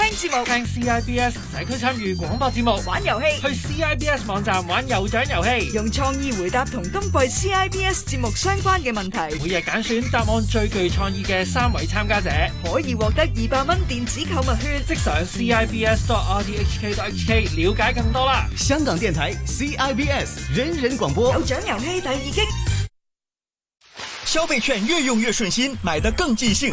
聽節目，聽 CIBS 社區參與廣播節目，玩遊戲，去 CIBS 網站玩有獎遊戲，用創意回答同今季 CIBS 節目相關嘅問題，每日揀選答案最具創意嘅三位參加者，可以獲得二百蚊電子購物券，即上 CIBS dot rthk dot hk 了解更多啦！香港電台 CIBS 人人廣播，有獎遊戲第二擊，消費券越用越順心，買得更盡興。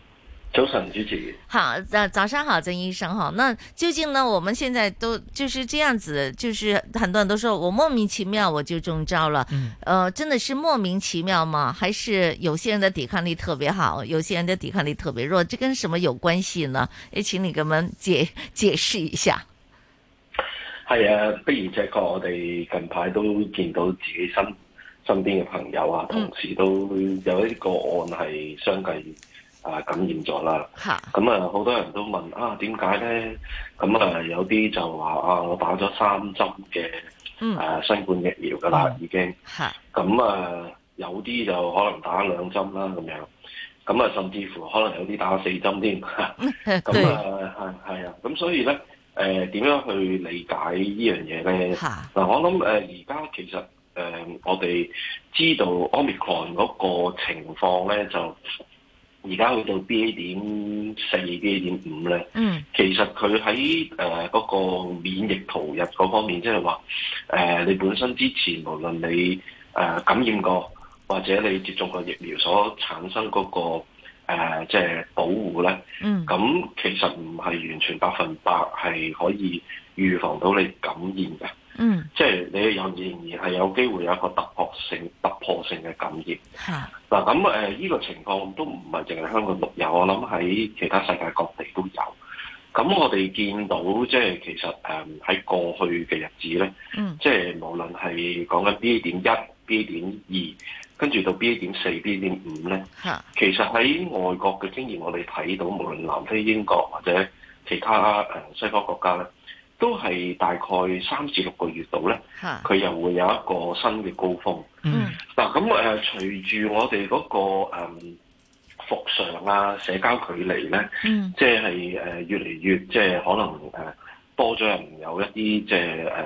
早晨，主持。好，早早上好，曾醫生好。那究竟呢？我們現在都就是這樣子，就是很多人都說我莫名其妙我就中招了。嗯。呃，真的是莫名其妙嗎？還是有些人的抵抗力特別好，有些人的抵抗力特別弱？這跟什麼有關係呢？也請你給我們解解釋一下。係啊，不如這個我哋近排都見到自己身身邊嘅朋友啊、同事都有一個案係相繼。嗯啊感染咗啦，咁啊好多人都問啊點解咧？咁啊有啲就話啊我打咗三針嘅，誒新冠疫苗噶啦、嗯、已經，咁啊有啲就可能打兩針啦咁樣，咁啊甚至乎可能有啲打四針添，咁啊係係啊，咁所以咧誒點樣去理解呢樣嘢咧？嗱我諗誒而家其實誒、呃、我哋知道 Omicron 嗰個情況咧就。而家去到 B A 點四、B A 點五咧，其實佢喺誒個免疫逃逸嗰方面，即係話誒你本身之前無論你誒感染過或者你接種過疫苗所產生嗰個誒，即係保護咧，嗯，咁其實唔係完全百分百係可以預防到你感染嘅。嗯，即係你又仍然係有機會有一個突破性、突破性嘅感染。嚇嗱咁誒，依個情況都唔係淨係香港獨有，我諗喺其他世界各地都有。咁我哋見到即係其實誒喺過去嘅日子咧，即係無論係講緊 B.1、B.2，跟住到 B.4、B.5 咧，其實喺外國嘅經驗，我哋睇到無論南非、英國或者其他、呃、西方國家咧。都係大概三至六個月度咧，佢又會有一個新嘅高峰。嗱、mm -hmm.，咁、呃、誒隨住我哋嗰、那個、嗯、復常啊，社交距離咧，即係誒越嚟越，即係可能誒、呃、多咗人有一啲即係誒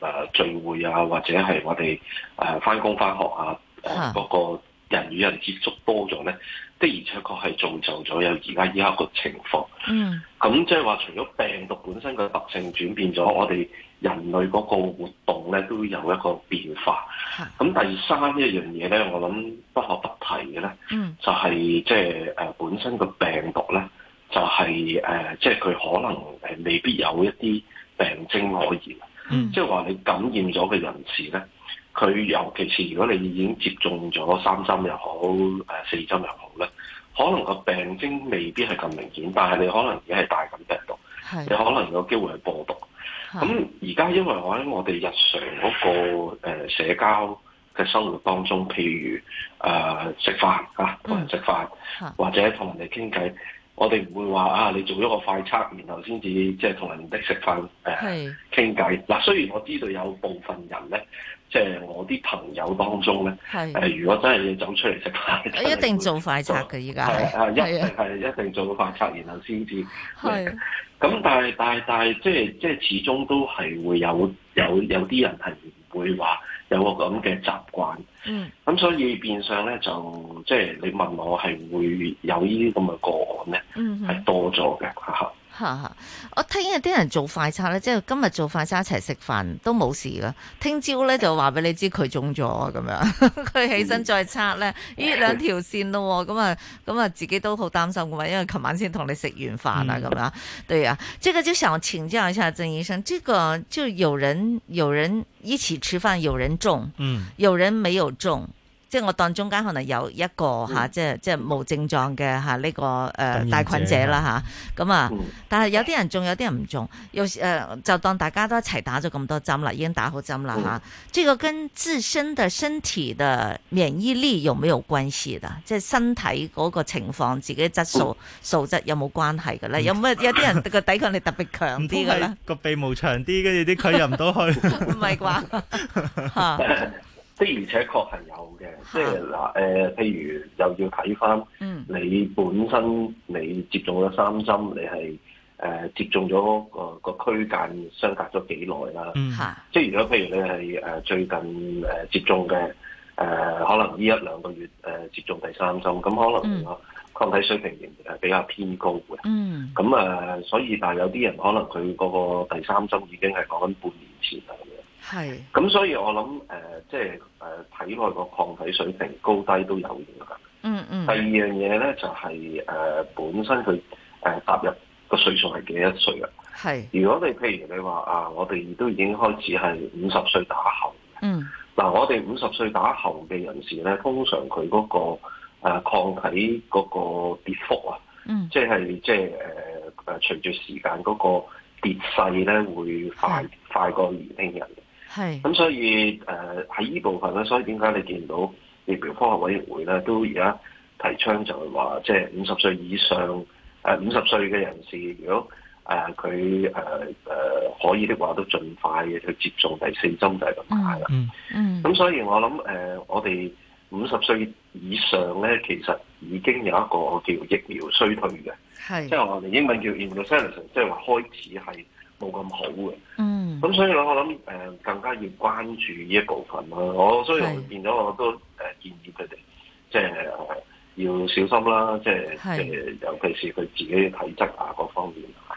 誒聚會啊，或者係我哋誒返工返學啊，嗰、呃 mm -hmm. 那個。人與人接觸多咗咧，的而且確係造就咗有而家依一個情況。嗯，咁即係話，除咗病毒本身嘅特性轉變咗，我哋人類嗰個活動咧都有一個變化。咁、嗯、第三一樣嘢咧，我諗不可不提嘅咧，嗯，就係即係誒本身嘅病毒咧，就係誒即係佢可能誒未必有一啲病徵可言。即係話你感染咗嘅人士咧。佢尤其是如果你已經接種咗三針又好、呃，四針又好咧，可能個病徵未必係咁明顯，但係你可能而家係帶緊病毒，你可能有機會係播毒。咁而家因為我喺我哋日常嗰、那個、呃、社交嘅生活當中，譬如誒食、呃、飯啊，同人食飯、嗯，或者同人哋傾偈，我哋唔會話啊，你做一個快測，然後先至即係同人哋食飯誒傾偈。嗱、啊，雖然我知道有部分人咧。即、就、係、是、我啲朋友當中咧，如果真係要走出嚟食飯，一定做快拆嘅依家。係啊，一定一定做快拆，然後先至。咁但係但係但係即係即係，始終都係會有有有啲人係唔會話有個咁嘅習慣。嗯。咁所以變相咧，就即係、就是、你問我係會有呢啲咁嘅個案咧，係、嗯、多咗嘅吓 哈哈，我聽日啲人做快測咧，即係今日做快測一齊食飯都冇事啦。聽朝咧就話俾你知佢中咗咁樣，佢 起身再測咧，呢、嗯、兩條線咯。咁啊，咁啊，自己都好擔心噶嘛。因為琴晚先同你食完飯啊，咁樣對啊。即係我想請教一下曾醫生，即、即個就有人有人一齊食飯，有人中，嗯，有人沒有中。即係我當中間可能有一個吓、嗯啊，即係即係冇症狀嘅吓呢個誒帶、呃、菌者啦吓，咁啊，但係有啲人中，有啲人唔中，有誒、啊、就當大家都一齊打咗咁多針啦，已經打好針啦吓。呢、啊嗯這個跟自身嘅身體嘅免疫力有冇有關係啊？即係身體嗰個情況，自己質素、嗯、素質有冇關係嘅咧、嗯？有咩？有啲人個抵抗力特別強啲嘅咧？個鼻毛長啲，跟住啲佢入唔到去。唔係啩？ 的而且確係有嘅，即係嗱誒譬如又要睇翻你本身你接種咗三針，你係誒、呃、接種咗個個區間相隔咗幾耐啦。即係如果譬如你係誒、呃、最近誒接種嘅誒、呃，可能呢一兩個月誒、呃、接種第三針，咁可能抗體水平仍然係比較偏高嘅。咁、嗯、誒、呃，所以但係有啲人可能佢嗰個第三針已經係講緊半年前啦。係，咁所以我諗誒，即係誒體內個抗體水平高低都有影響。嗯嗯。第二樣嘢咧就係、是、誒、呃、本身佢誒、呃、踏入個歲數係幾多歲啊？係。如果你譬如你話啊，我哋都已經開始係五十歲打後。嗯。嗱、啊，我哋五十歲打後嘅人士咧，通常佢嗰、那個、呃、抗體嗰個跌幅啊，嗯，即係即係誒誒隨住時間嗰個跌勢咧，會快快過年輕人。係。咁所以誒喺呢部分咧，所以點解你見到疫苗科學委員會咧都而家提倡就係話，即係五十歲以上誒五十歲嘅人士，如果誒佢誒誒可以的話，都盡快嘅去接種第四針就係咁解啦。嗯嗯。咁所以我諗誒、呃，我哋五十歲以上咧，其實已經有一個叫疫苗衰退嘅，係即係我哋英文叫 immunosenescence 即係話開始係。冇咁好嘅，咁、嗯、所以咧，我諗、呃、更加要關注呢一部分啦、啊。我所以我變咗，我都呃、建議佢哋即係要小心啦，即係尤其是佢自己嘅體質啊各方面啊。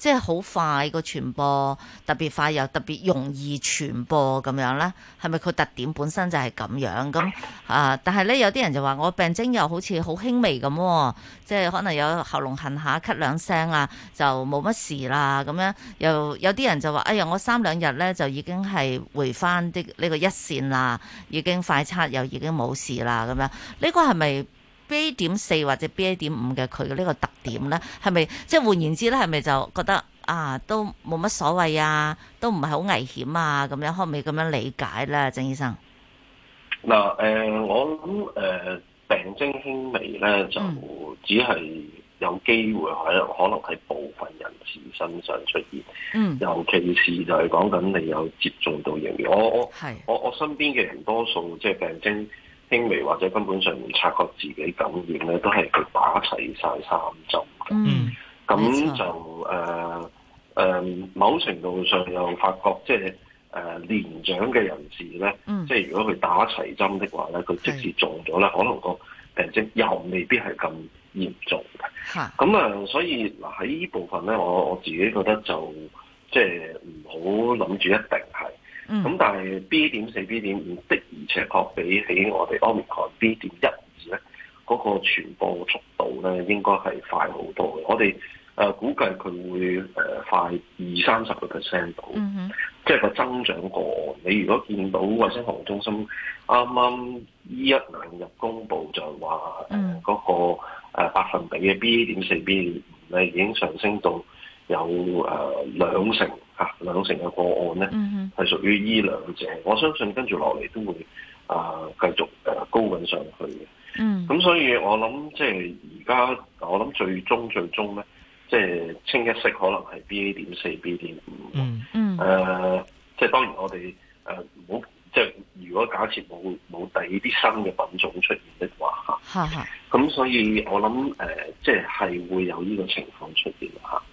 即係好快個傳播，特別快又特別容易傳播咁樣啦。係咪佢特點本身就係咁樣？咁啊，但係咧有啲人就話我病徵又好似好輕微咁、哦，即係可能有喉嚨痕下、咳兩聲啊，就冇乜事啦咁樣。又有啲人就話：哎呀，我三兩日咧就已經係回翻啲呢個一線啦，已經快測又已經冇事啦咁樣。呢、這個係咪？BA 點四或者 BA 點五嘅佢嘅呢個特點咧，係咪即係換言之咧，係咪就覺得啊，都冇乜所謂啊，都唔係好危險啊，咁樣可唔可以咁樣理解咧，鄭醫生？嗱，誒，我諗誒、呃，病徵輕微咧，就只係有機會喺、嗯、可能喺部分人士身上出現，嗯、尤其是就係講緊你有接種到疫苗，我我我我身邊嘅人多數即係病徵。輕微或者根本上唔察覺自己感染咧，都係佢打齊晒三針的。嗯，咁就誒誒、呃呃，某程度上又發覺，即係誒、呃、年長嘅人士咧、嗯，即係如果佢打齊針的話咧，佢即使中咗咧，可能個病徵又未必係咁嚴重嘅。嚇，咁啊，所以嗱喺呢部分咧，我我自己覺得就即係唔好諗住一定係。咁、嗯、但係 B 點四、B 點五的而且確比起我哋 Omicron B 點一、二咧，嗰個傳播速度咧，應該係快好多嘅。我哋誒估計佢會誒快二三十個 percent 到，即係個增長個案。你如果見到衞生防護中心啱啱呢一兩日公布就話，嗯，嗰個百分比嘅 B 點四、B 點五已經上升到。有誒、呃、兩成嚇、啊、兩成嘅個案咧，係、mm -hmm. 屬於呢兩者，我相信跟住落嚟都會誒、呃繼,呃、繼續高緊上去嘅。嗯，咁所以我諗即係而家我諗最終最終咧，即、就、係、是、清一色可能係 B A 點四 B 點五。嗯、mm、即 -hmm. 呃就是、當然我哋即、呃、如果假設冇冇第二啲新嘅品種出現的話咁， 所以我諗誒即係會有呢個情況出現。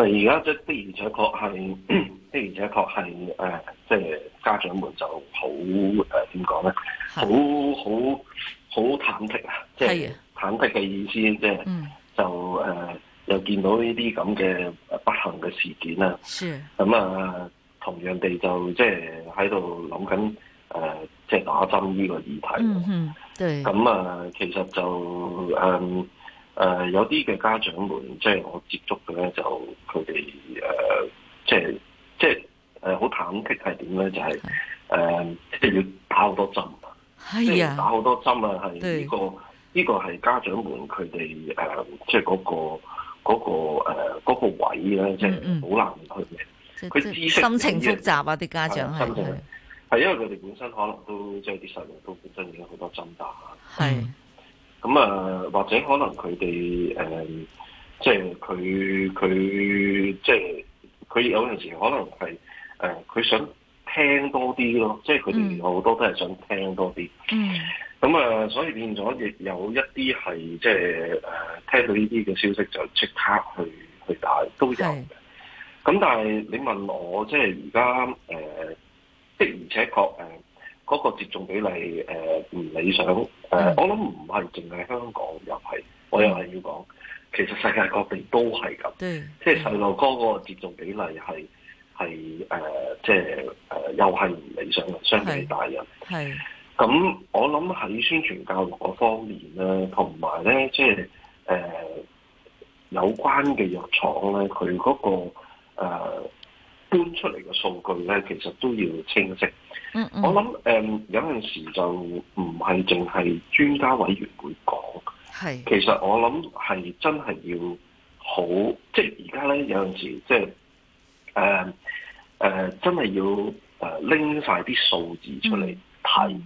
但係而家即係的而且確係、嗯、的而且確係誒，即、呃、係家長們就好誒點講咧？好好好忐忑啊！即係忐忑嘅意思、就是，即、嗯、係就誒、呃、又見到呢啲咁嘅不幸嘅事件啦。咁啊、嗯嗯，同樣地就即係喺度諗緊誒，即、呃、係打針呢個議題。嗯咁啊、嗯，其實就誒。呃誒，有啲嘅家長們，即係我接觸嘅咧，就佢哋誒，即係即係誒，好忐忑係點咧？就係誒，即係要打好多針，即係打好多針啊！係呢個呢個係家長們佢哋誒，即係嗰個嗰個位咧，即係好難去嘅。佢知識心情複雜啊！啲家長係因為佢哋本身可能都即係啲細路都本身已經好多針打。係。咁啊，或者可能佢哋誒，即係佢佢即係佢有陣時可能係誒，佢、呃、想聽多啲咯，即係佢哋好多都係想聽多啲。嗯。咁啊，所以變咗亦有一啲係即係誒，聽到呢啲嘅消息就即刻去去打都有嘅。係。咁但係你問我，即係而家誒，即係的而且確，確嗰、那個接種比例誒唔、呃、理想，誒、呃 mm. 我諗唔係淨係香港又係，我又係要講，其實世界各地都係咁，即係細路哥嗰個接種比例係係誒即係誒又係唔理想嘅，相對大人。係、mm.，咁我諗喺宣傳教育嗰方面咧，同埋咧即係誒有關嘅藥廠咧，佢嗰、那個、呃搬出嚟嘅數據咧，其實都要清晰。嗯嗯、我諗誒、嗯、有陣時就唔係淨係專家委員會講，係其實我諗係真係要好，即係而家咧有陣時即係誒誒真係要誒拎晒啲數字出嚟睇。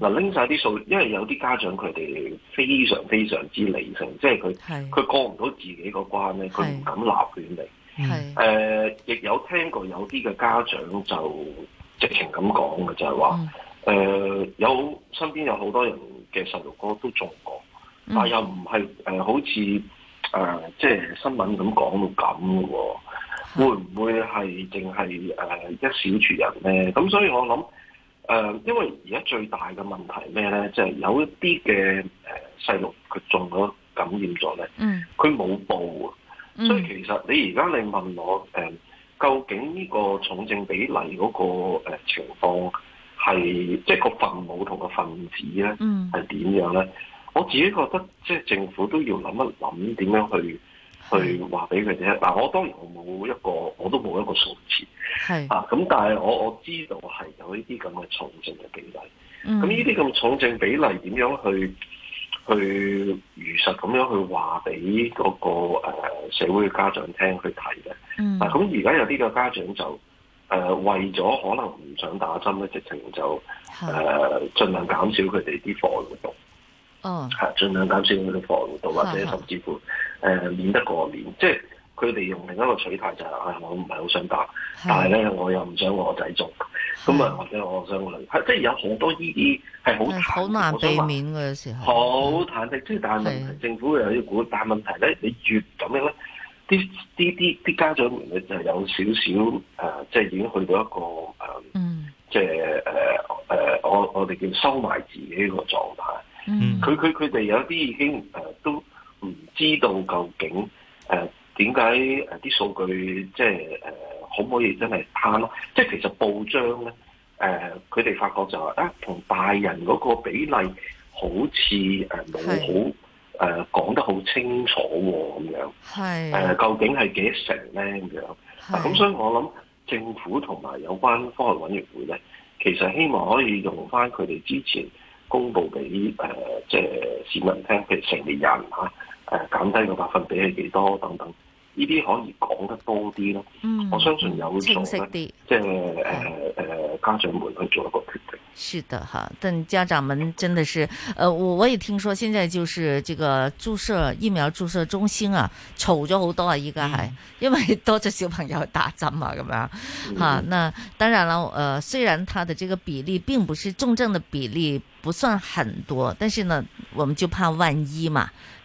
嗱拎晒啲數字，因為有啲家長佢哋非常非常之理性，即係佢佢過唔到自己個關咧，佢唔敢立亂嚟。係、嗯，誒、嗯、亦、嗯、有聽過有啲嘅家長就直情咁講嘅，就係話誒有身邊有好多人嘅細路哥都中過，但又唔係誒好似誒即係新聞咁講到咁嘅喎，會唔會係淨係誒一小撮人咧？咁所以我諗誒，因為而家最大嘅問題咩咧？即係有一啲嘅誒細路佢中咗感染咗咧，佢冇報。嗯、所以其實你而家你問我、嗯、究竟呢個重症比例嗰個、呃、情況係即係個分母同個分子咧，係點樣咧？我自己覺得即係、政府都要諗一諗點樣去去話俾佢哋。嗱，我當然我冇一個，我都冇一個數字，咁、啊、但係我我知道係有呢啲咁嘅重症嘅比例。咁呢啲咁重症比例點樣去去如實咁樣去話俾嗰個誒、呃、社會嘅家長聽去睇嘅，咁而家有啲嘅家長就誒、呃、為咗可能唔想打針咧，直情就誒盡、呃、量減少佢哋啲課外活動，哦，係盡量減少佢哋課外活動，或者甚至乎誒、呃、免得過年，即係。佢哋用另一個取態就係、是，啊、哎，我唔係好想打，但係咧，我又唔想我仔做。咁啊，或者我想我即係有好多依啲係好難避免嘅時候。好忐忑，即係但係問題，政府有有股，但係問題咧，你越咁樣咧，啲啲啲啲家長就有少少誒，即係已經去到一個誒、呃嗯，即係誒誒，我我哋叫收埋自己個狀態。佢佢佢哋有啲已經誒、呃、都唔知道究竟。點解誒啲數據即係誒可唔可以真係攤咯？即、啊、係其實報章咧誒，佢、啊、哋發覺就話啊，同大人嗰個比例好似誒冇好誒講得好清楚喎，咁樣係誒究竟係幾成咧咁樣？咁、啊啊、所以我諗政府同埋有關科學委員會咧，其實希望可以用翻佢哋之前公布俾誒即係市民聽，譬如成年人嚇誒、啊、減低個百分比係幾多等等。呢啲可以講得多啲咯、嗯，我相信有清晰啲，即係誒誒，家長們去做一個決定。是的吓，但家長們真的是，呃我我也聽說，現在就是這個注射疫苗注射中心啊，丑咗好多啊，應該係、嗯，因為多咗小朋友打針、嗯、啊，咁樣，哈，那當然啦，呃雖然它的這個比例並不是重症的比例不算很多，但是呢，我們就怕萬一嘛。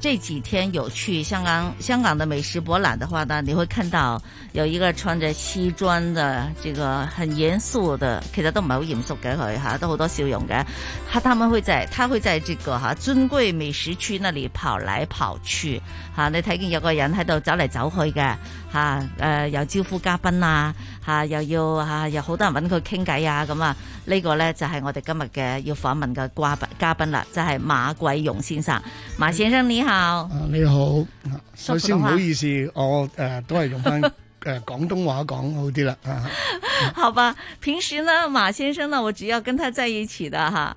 這幾天有去香港香港的美食博覽的話呢，你會看到有一個穿着西裝的，這個很嚴肅的，其實都唔係好嚴肅嘅佢吓，都好多笑容嘅。吓，他們會在他會在這個吓、啊、尊貴美食區那裏跑來跑去，吓、啊、你睇見有個人喺度走嚟走去嘅，吓誒，有招呼嘉賓啊，吓、啊、又要吓有好、啊、多人揾佢傾偈啊咁啊。啊這個、呢個咧就係、是、我哋今日嘅要訪問嘅嘉賓嘉賓啦，就係、是、馬桂榕先生。馬先生你，你。好啊，你好，首先唔好意思，我誒、呃、都係用翻誒廣東話講好啲啦。啊、 好吧，平時呢馬先生呢，我只要跟他在一起的哈。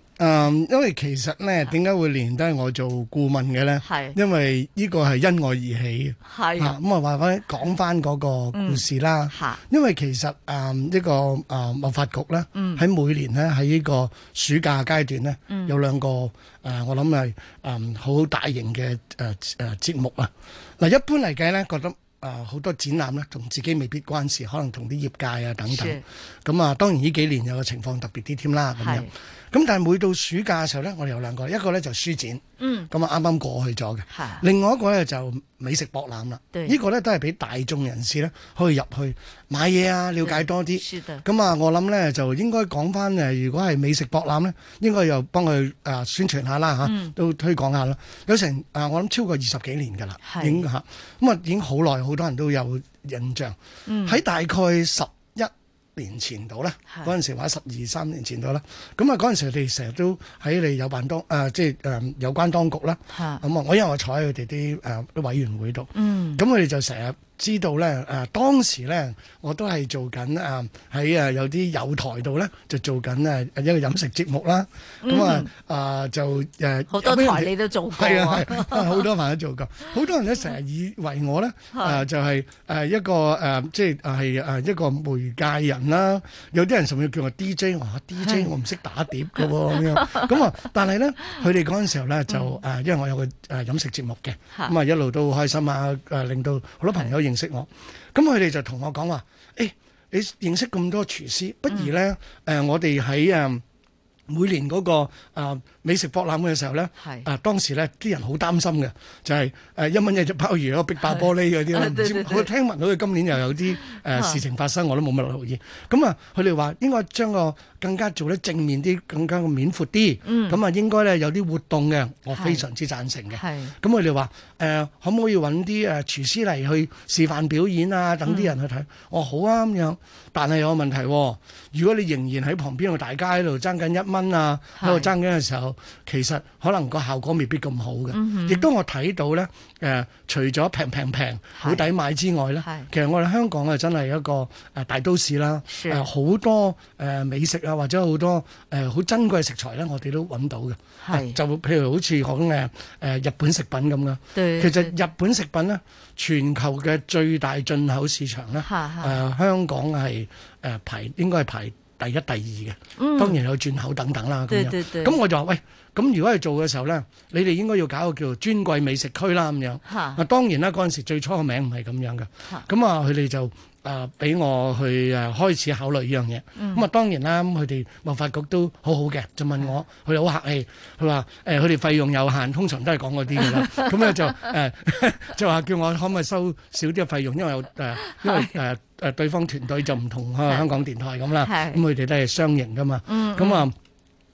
嗯、因為其實咧，點解會連帶我做顧問嘅咧？係，因為呢個係因我而起。係，咁啊，話翻講翻嗰個故事啦。吓、嗯，因為其實誒、嗯這個啊、呢個誒貿發局咧，喺、嗯、每年咧喺呢個暑假階段咧、嗯，有兩個誒、呃、我諗係誒好大型嘅誒誒節目啊。嗱、啊，一般嚟計咧，覺得誒好、呃、多展覽咧，同自己未必關事，可能同啲業界啊等等。咁、嗯、啊，當然呢幾年有個情況特別啲添啦。係、嗯。咁但係每到暑假嘅時候咧，我哋有兩個，一個咧就書展，咁啊啱啱過去咗嘅，另外一個咧就美食博覽啦。呢、這個咧都係俾大眾人士咧可以入去買嘢啊，了解多啲。咁啊、嗯，我諗咧就應該講翻誒，如果係美食博覽咧，應該又幫佢誒宣傳下啦、嗯、都推廣下啦。有成啊，我諗超過二十幾年噶啦，已經咁啊、嗯嗯、已經好耐，好多人都有印象。喺、嗯、大概十。年前度啦，嗰陣時話十二三年前度啦，咁啊嗰陣時佢哋成日都喺你有辦當誒、呃，即係誒有關當局啦，咁啊，我因為我坐喺佢哋啲誒啲委員會度，咁佢哋就成日。知道咧，啊、呃、當時咧，我都係做緊啊喺啊有啲有台度咧，就做緊啊一個飲食節目啦。咁、嗯、啊啊、呃、就誒好、呃、多台你都做過，係啊，好多朋友都做過，好 多人咧成日以為我咧啊、 呃、就係、是、誒、呃、一個誒、呃、即係係誒一個媒介人啦。有啲人甚至叫我 DJ，我、啊、 DJ 我唔識打碟嘅喎咁樣。咁啊，但係咧佢哋陣時候咧就誒、呃、因為我有個誒飲食節目嘅，咁 啊一路都好開心啊，誒、呃、令到好多朋友認。 認識我，咁佢哋就同我講話：“誒、欸，你認識咁多廚師，不如咧，誒、嗯呃，我哋喺誒每年嗰、個、呃美食博覽嘅時候咧，啊當時咧啲人好擔心嘅，就係、是呃、一蚊嘢就鮑魚個壁爆玻璃嗰啲唔知對對對我聽聞到佢今年又有啲、呃、 事情發生，我都冇乜留意。咁、嗯、啊，佢哋話應該將個更加做得正面啲，更加嘅面闊啲。咁、嗯、啊，應該咧有啲活動嘅，我非常之贊成嘅。咁佢哋話可唔可以揾啲誒廚師嚟去示範表演啊？等啲人去睇。我、嗯哦、好啊咁樣，但係有個問題、啊，如果你仍然喺旁邊個大街度爭緊一蚊啊，喺度爭緊嘅時候。其實可能個效果未必咁好嘅，亦、嗯、都我睇到咧。誒、呃，除咗平平平好抵買之外咧，其實我哋香港啊真係一個誒大都市啦，誒好、呃、多誒、呃、美食啊或者好多誒好、呃、珍貴食材咧，我哋都揾到嘅。係、呃、就譬如好似講誒誒日本食品咁噶，其實日本食品咧全球嘅最大進口市場咧，誒、呃、香港係誒排應該係排。第一、第二嘅，當然有轉口等等啦。咁樣，嗯，咁我就話喂，咁如果係做嘅時候咧，你哋應該要搞個叫做尊貴美食區啦，咁樣。啊，當然啦，嗰陣時最初個名唔係咁樣嘅。咁啊，佢哋就。誒、呃、俾我去誒、呃、開始考慮呢樣嘢，咁、嗯、啊當然啦，佢哋文化局都好好嘅，就問我，佢哋好客氣，佢話誒佢哋費用有限，通常都係講嗰啲嘅啦，咁 咧就誒、呃、就話叫我可唔可以收少啲費用，因為誒、呃、因為誒誒、呃、對方團隊就唔同香港電台咁啦，咁佢哋都係雙贏㗎嘛，咁、嗯嗯、啊。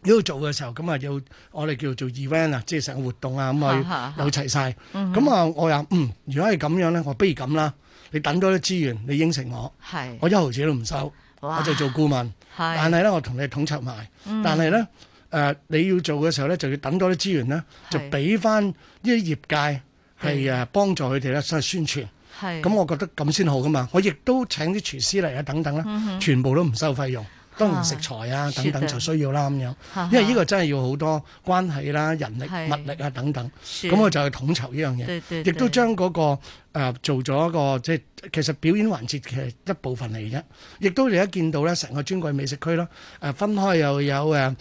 喺度做嘅時候，咁啊要我哋叫做 event 啊，即係成個活動啊，咁啊有齊晒。咁啊，啊我又嗯，如果係咁樣咧，我不如咁啦。你等多啲資源，你應承我，我一毫子都唔收，我就做顧問。是但係咧，我同你統籌埋、嗯。但係咧，誒、呃、你要做嘅時候咧，就要等多啲資源咧，就俾翻呢啲業界係誒幫助佢哋咧，先去宣傳。咁我覺得咁先好噶嘛。我亦都請啲廚師嚟啊，等等啦、嗯，全部都唔收費用。當然食材啊等等就需要啦、啊、咁樣、啊，因為呢個真係要好多關係啦、人力、物力啊等等，咁我就去統籌呢樣嘢，亦都將嗰、嗰個。誒、呃、做咗一個即係其實表演環節其實一部分嚟嘅，亦都你一見到咧，成個尊貴美食區囉、呃，分開又有誒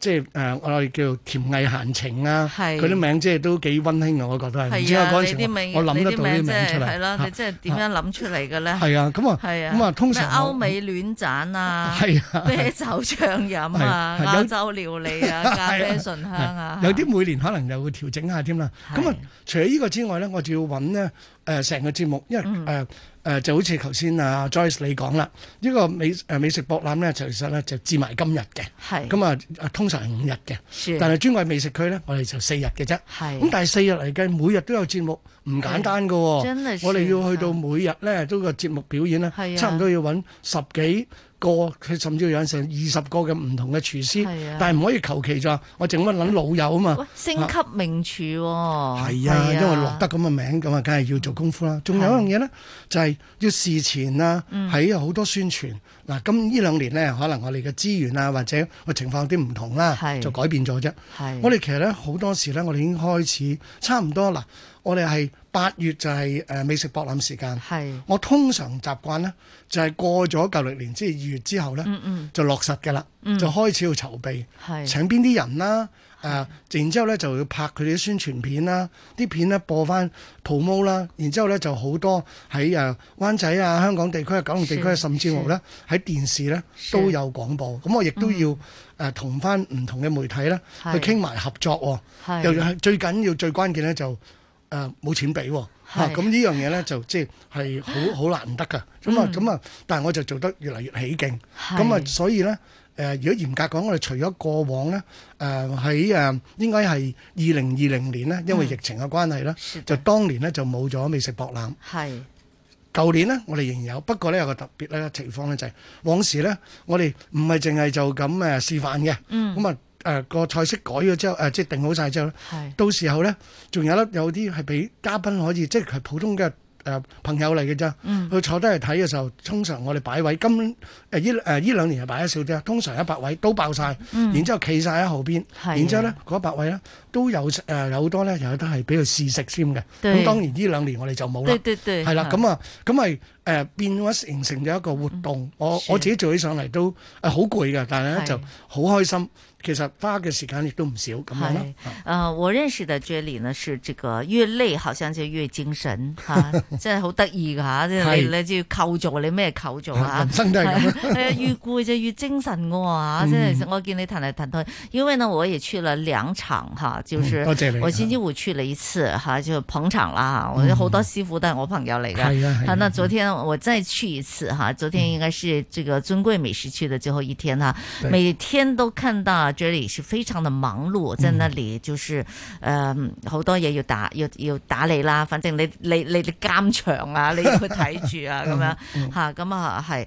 即係誒我哋叫甜藝閒情啊，佢啲、啊、名即係都幾温馨啊，我覺得。唔、啊、知名我嗰時我諗得到啲名出嚟。係你即係點樣諗出嚟嘅咧？係啊，咁啊，咁啊，通常、啊啊啊啊、歐美亂攢啊，啤、啊啊、酒暢飲啊，歐洲、啊啊、料理啊， 啊，咖啡醇香啊，有啲每年可能又會調整下添啦。咁啊，除咗呢個之外咧，我仲要揾咧。誒、呃、成個節目，因為誒、嗯呃呃、就好似頭先啊 Joyce 你講啦，呢、呢個美、呃、美食博覽咧，其實咧就至埋今日嘅，咁啊通常係五日嘅，但係尊貴美食區咧，我哋就四日嘅啫。咁但係四日嚟計，每日都有節目，唔簡單嘅、哦。真係、我哋要去到每日咧都、呢個節目表演咧、啊，差唔多要揾十幾。個佢甚至要養成二十個嘅唔同嘅廚師，啊、但係唔可以求其就我整乜撚老友啊嘛。升級名廚係、哦、啊，啊，啊，啊，因為落得咁嘅名咁啊，梗係要做功夫啦。仲有一樣嘢咧，就係、是、要事前啊，喺、嗯、好多宣傳嗱。咁、啊、呢兩年咧，可能我哋嘅資源啊，或者個情況有啲唔同啦、啊，就改變咗啫。我哋其實咧好多時咧，我哋已經開始差唔多啦我哋係八月就係、是、誒、呃、美食博覽時間。係，我通常習慣咧就係、是、過咗舊歷年之二、就是、月之後咧、嗯嗯，就落實㗎啦、嗯，就開始要籌備，請邊啲人啦，誒、呃，然之後咧就要拍佢哋啲宣傳片啦，啲片咧播翻 p r o m o 啦，然之後咧就好多喺誒、呃、灣仔啊、香港地區、九龍地區甚至乎咧喺電視咧都有廣播，咁我亦都要誒、嗯呃、同翻唔同嘅媒體咧去傾埋合作、哦。又係最緊要、最關鍵咧就是。誒，冇錢俾喎，嚇，咁呢樣嘢咧就即係好好難得㗎，咁啊咁啊，但係我就做得越嚟越起勁，咁啊所以咧誒，如果嚴格講，我哋除咗過往咧，誒喺誒應該係二零二零年咧，因為疫情嘅關係啦，就當年咧就冇咗美食博覽，係，舊年咧我哋仍然有，不過咧有個特別咧情況咧就係往時咧我哋唔係淨係就咁誒示範嘅，嗯，咁啊。誒、呃、個菜式改咗之後、呃，即定好晒之後，到時候咧，仲有咧有啲係俾嘉賓可以，即係普通嘅、呃、朋友嚟嘅啫。佢、嗯、坐低嚟睇嘅時候，通常我哋擺位今呢依兩年係擺得少啲，通常一百位都爆晒、嗯，然之後企晒喺後邊，然之後咧嗰一百位咧都有有好多咧，有得係俾佢試食先嘅。咁、嗯、當然呢兩年我哋就冇啦，係啦。咁啊，咁係誒變咗形成咗一個活動。我、嗯嗯嗯嗯嗯嗯、我自己做起上嚟都好攰㗎，但係咧就好開心。其實花嘅時間亦都唔少咁樣咯、呃。我認識的 Jelly 呢，是這個越累，好像就越精神，嚇、 啊，真係好得意噶嚇。你你就要構造你咩扣造啊？人生都係啊，越攰就越精神我、啊、喎、嗯、真即係我見你騰嚟騰去。因為呢，我也去了兩場哈、啊、就是、嗯、多謝你我星期五去了一次哈、啊、就捧場啦、嗯、我好多師傅都係我朋友嚟嘅。係、嗯、啊啊，啊，啊，啊。那昨天我再去一次哈、啊、昨天應該是這個尊貴美食區的最後一天哈、啊嗯。每天都看到。這裏是非常的忙碌，在那裏就是，誒、呃，好多嘢要打，要要打你啦，反正你你你哋監場啊，你要去睇住啊，咁 樣吓，咁、嗯、啊係。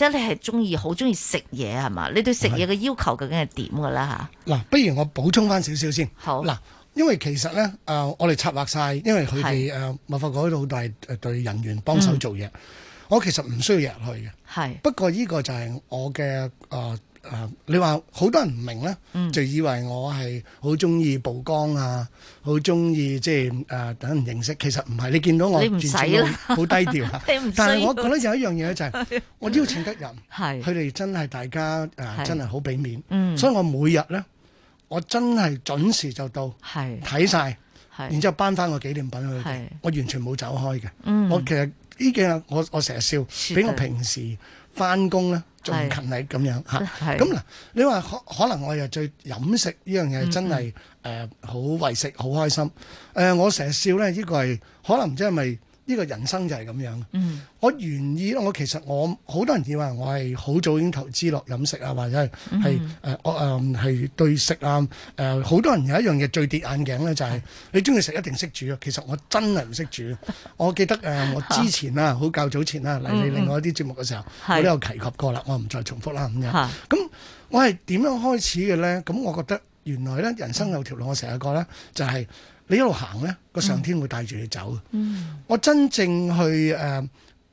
即係你係中意好中意食嘢係嘛？你對食嘢嘅要求是究竟係點噶啦吓？嗱，不如我補充翻少少先。好嗱，因為其實咧，誒、呃，我哋策劃晒，因為佢哋誒，物、呃、發局嗰度好大誒對人員幫手做嘢，我其實唔需要入去嘅。係，不過呢個就係我嘅誒。呃啊、呃！你話好多人唔明咧，就以為我係好中意曝光啊，好中意即係誒等人認識。其實唔係，你見到我完全好低調、啊。但係我覺得有一樣嘢就係、是、 我邀請得人，佢哋真係大家誒、呃，真係好俾面。所以我每日咧，我真係準時就到，睇晒，然之後頒翻個紀念品去。我完全冇走開嘅、 嗯。我其實呢幾日我我成日笑，比我平時。翻工咧仲勤力咁樣嚇，咁嗱，你話可可能我又最飲食呢樣嘢真係誒好為食，好開心，誒、呃、我成日笑咧呢、呢個係可能即係咪？呢、這個人生就係咁樣。嗯、我願意我其實我好多人以為我係好早已經投資落飲食啊，或者係係誒我誒係、呃、對食啊。誒、呃、好多人有一樣嘢最跌眼鏡咧、就是，就係你中意食一定識煮。其實我真係唔識煮。 我記得誒、呃、我之前啦，好、啊、較早前啦，嚟你、嗯、另外一啲節目嘅時候，我都有提及過啦，我唔再重複啦咁樣。咁我係點樣開始嘅咧？咁我覺得原來咧人生有條路，嗯、我成日過咧就係、是。你一路行咧，個上天會帶住你走、嗯。我真正去誒誒、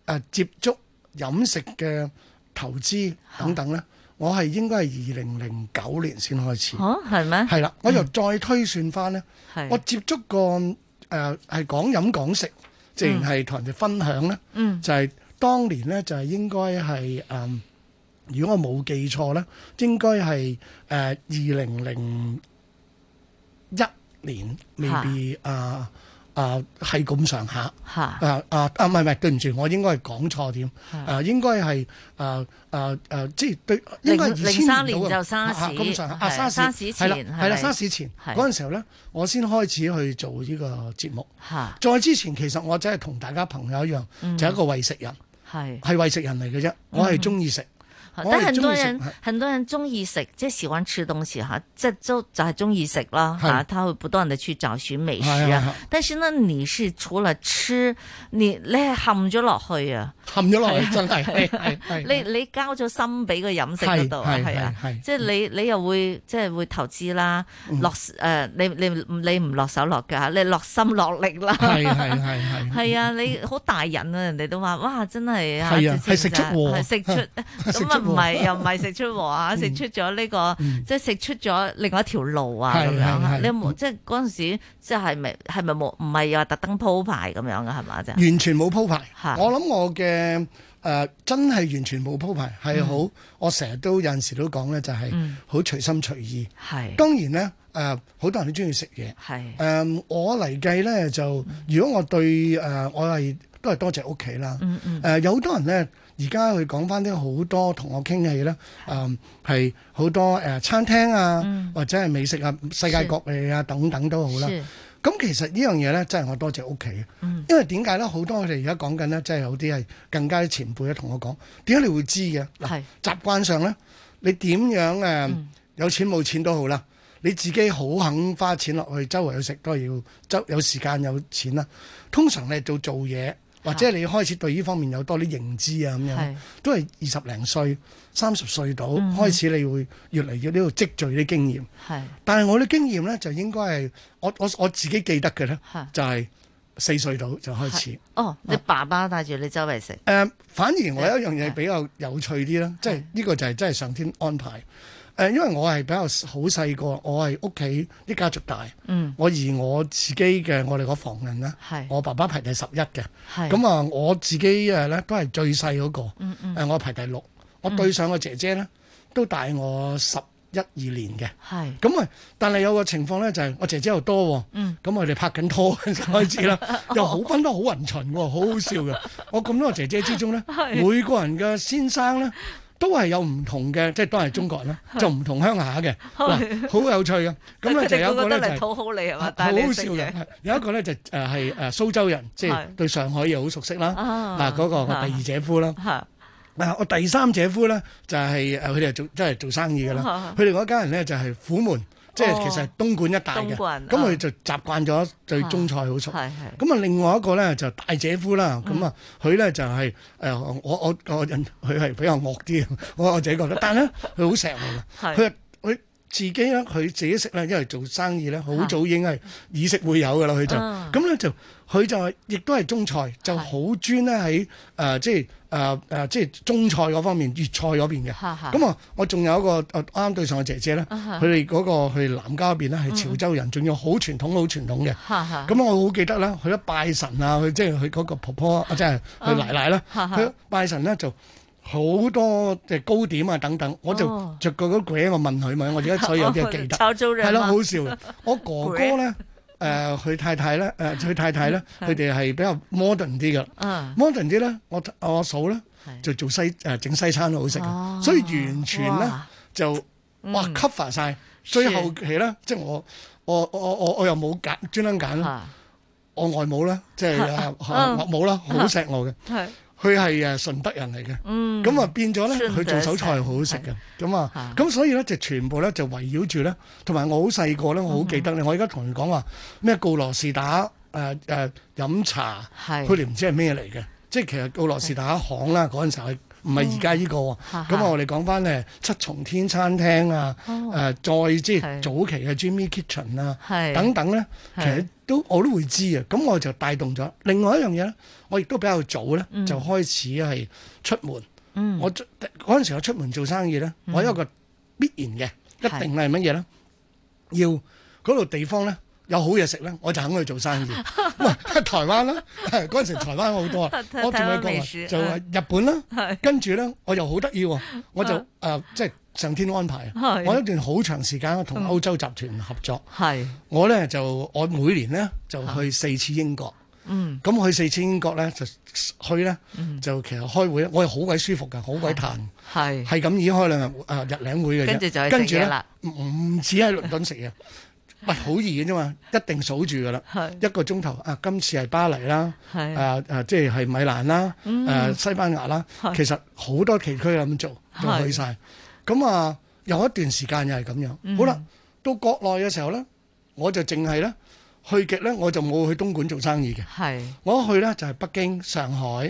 呃、接觸飲食嘅投資等等咧，我係應該係二零零九年先開始。嚇、哦，係咩？係啦，我就再推算返咧、嗯，我接觸過誒係講飲講食，淨係同人哋分享咧、嗯，就係、是、當年咧就係、是、應該係誒、呃，如果我冇記錯咧，應該係誒二零零一。呃年未必，呃呃、啊啊係咁上下啊啊啊，唔係，唔係，對唔住，我應該係講錯點啊，應該係啊啊啊，即係，對應該係零三年就沙士咁上下，沙、啊、士、啊啊啊、前係啦，沙士前嗰陣時候咧，我先開始去做呢個節目。係再之前，其實我真係同大家朋友一樣，是嗯、就是、一個餵食人，係係餵食人嚟嘅啫，我係中意食。但係很多人，哦、很多人中意食，即係喜歡吃東西吓，即係就就係中意食啦吓，佢會不斷的去找尋美食。但是呢，你是除咗吃，你你係冚咗落去啊，冚咗落去真係，你你交咗心俾個飲食嗰度係啊，即係你你又會即係、就是、會投資啦，落誒，你你、嗯、你唔落手落腳你落心落力啦，係啊，你好大人啊，人哋都話，哇，真係啊，係食出食出咁啊。唔係又唔係食出和啊，食出咗呢、呢個，嗯嗯、即係食出咗另外一條路啊咁樣。你有冇即係嗰陣時，即係係咪係咪冇？唔係話特登鋪排咁樣嘅係嘛？啫，完全冇鋪排。我諗我嘅誒、呃，真係完全冇鋪排，係好。嗯、我成日都有陣時都講咧，就係好隨心隨意。係、嗯、當然呢，誒、呃、好多人好中意食嘢。係誒、呃，我嚟計咧就，如果我對誒、呃，我係都係多謝屋企啦。嗯，嗯、呃、有好多人咧。而家佢講翻啲好多同我傾偈咧，嗯、呃，係好多、呃、餐廳啊，嗯、或者係美食啊、世界各地啊等等都好啦。咁其實樣呢樣嘢咧，真係我多謝屋企、嗯、因為點解咧？好多我哋而家講緊咧，真係有啲係更加前輩咧同我講，點解你會知嘅？嗱，習慣上咧，你點樣誒、呃、有錢冇錢都好啦，你自己好肯花錢落去周圍去食都係要，有時間有錢啦。通常你做做嘢。或者你開始對呢方面有多啲認知啊，咁樣都係二十零歲、三十歲到、嗯、開始，你會越嚟越呢度積聚啲經驗。係，但係我啲經驗呢，就應該係我我我自己記得嘅咧，就係、係、四歲到就開始。哦，你爸爸帶住你周圍食。誒、呃，反而我有一樣嘢比較有趣啲啦，即係呢個就係真係上天安排。誒、呃，因為我係比較好細個，我係屋企啲家族大，我、嗯、而我自己嘅我哋個房人咧，我爸爸排第十一嘅，咁啊我自己誒咧都係最細嗰、那個，誒、嗯嗯呃、我排第六，我對上個姐姐咧、嗯、都大我十一二年嘅，咁啊，但係有個情況咧就係、是、我姐姐又多，咁我哋拍緊拖、嗯、開始啦， 又好分得好勻循，好好笑嘅， 我咁多個姐姐之中咧， 每個人嘅先生咧。都係有唔同嘅，即係都係中國人啦，就唔同鄉下嘅，嗱，好有趣嘅。咁 咧就有一個咧就係討好你係嘛？好笑嘅、就是。 有一個咧就誒係誒蘇州人，即、就、係、是、對上海又好熟悉啦。嗱，嗰、啊那個那個第二姐夫啦。嗱、啊，我第三姐夫咧就係誒佢哋做即係、就是、做生意㗎啦。佢哋嗰家人咧就係、是、虎門。即係其實係東莞一帶嘅，咁佢就習慣咗對中菜好熟。咁啊是是，另外一個咧就是大姐夫啦，咁、嗯、啊，佢咧就係、是、誒、呃、我我我人佢係比較惡啲，我我自己覺得。 但咧佢好錫我嘅，佢佢自己咧佢自己食咧，因為做生意咧，好早已經係以食會友嘅啦。佢就咁咧、啊、就佢就亦都係中菜，就好專咧喺誒即係。誒誒、呃，即係中菜嗰方面、粵菜嗰邊嘅，咁啊，我仲有一個誒啱啱對上嘅姐姐咧，佢哋嗰個去南郊嗰邊咧，係潮州人，仲、嗯、要好傳統、好傳統嘅。咁是我好記得啦，去咗拜神啊，佢即係佢嗰個婆婆，啊、即係佢奶奶啦。去拜神咧就好多即係糕點啊等等，我就着過嗰個，我問佢問，我而家所以有啲記得，係咯、嗯、好笑。我哥哥咧。 誒、呃、佢太太咧，誒、呃、佢太太咧，佢哋係比較 modern 啲㗎。Uh, modern 啲咧，我我阿嫂咧就做西誒整西餐都好食、uh, 所以完全咧就哇 cover 晒、嗯。最後期咧，即係我我我我我又冇揀專登揀我外母咧，即係阿阿母啦，好錫我嘅。Uh, uh, uh, uh, 佢係誒順德人嚟嘅，咁、嗯、啊變咗咧，佢做手菜係好好食嘅，咁、嗯、啊，咁所以咧就全部咧就圍繞住咧，同埋我好細個咧我好記得咧、嗯嗯，我而家同佢講話咩告羅士打誒誒、呃呃、飲茶，佢哋唔知係咩嚟嘅，即係其實告羅士打行啦嗰陣時係。唔係而家呢個，咁、嗯、啊我哋講翻誒七重天餐廳啊，哦呃、再即係早期嘅 Jimmy Kitchen 啊等等咧，其實都我都會知啊。咁我就帶動咗另外一樣嘢咧，我亦都比較早咧、嗯、就開始係出門。嗯、我嗰陣時我出門做生意咧，我有個必然嘅、嗯、一定係乜嘢咧？要嗰度地方咧。有好嘢食咧，我就肯去做生意。 台灣啦、啊，嗰陣時台灣好多 啊。我仲有講就話日本啦。跟住咧，我又好得意喎，我就即係、啊呃就是、上天安排。我一段好長時間同歐洲集團合作。我咧就我每年咧就去四次英國。嗯。咁去四次英國咧就去呢、嗯，就其實開會，我係好鬼舒服嘅，好鬼嘆。係咁已經開兩日誒、呃、日會嘅，跟住就唔止喺倫敦食嘢。 喂，好易嘅啫嘛，一定數住噶啦，一個鐘頭。啊，今次係巴黎啦，啊啊，即係係米蘭啦，誒西班牙啦，其實好多地區咁做，就去曬。咁啊，有一段時間又係咁樣。好啦，到國內嘅時候咧，我就淨係咧去極咧，我就冇去東莞做生意嘅。我一去咧就係北京、上海、誒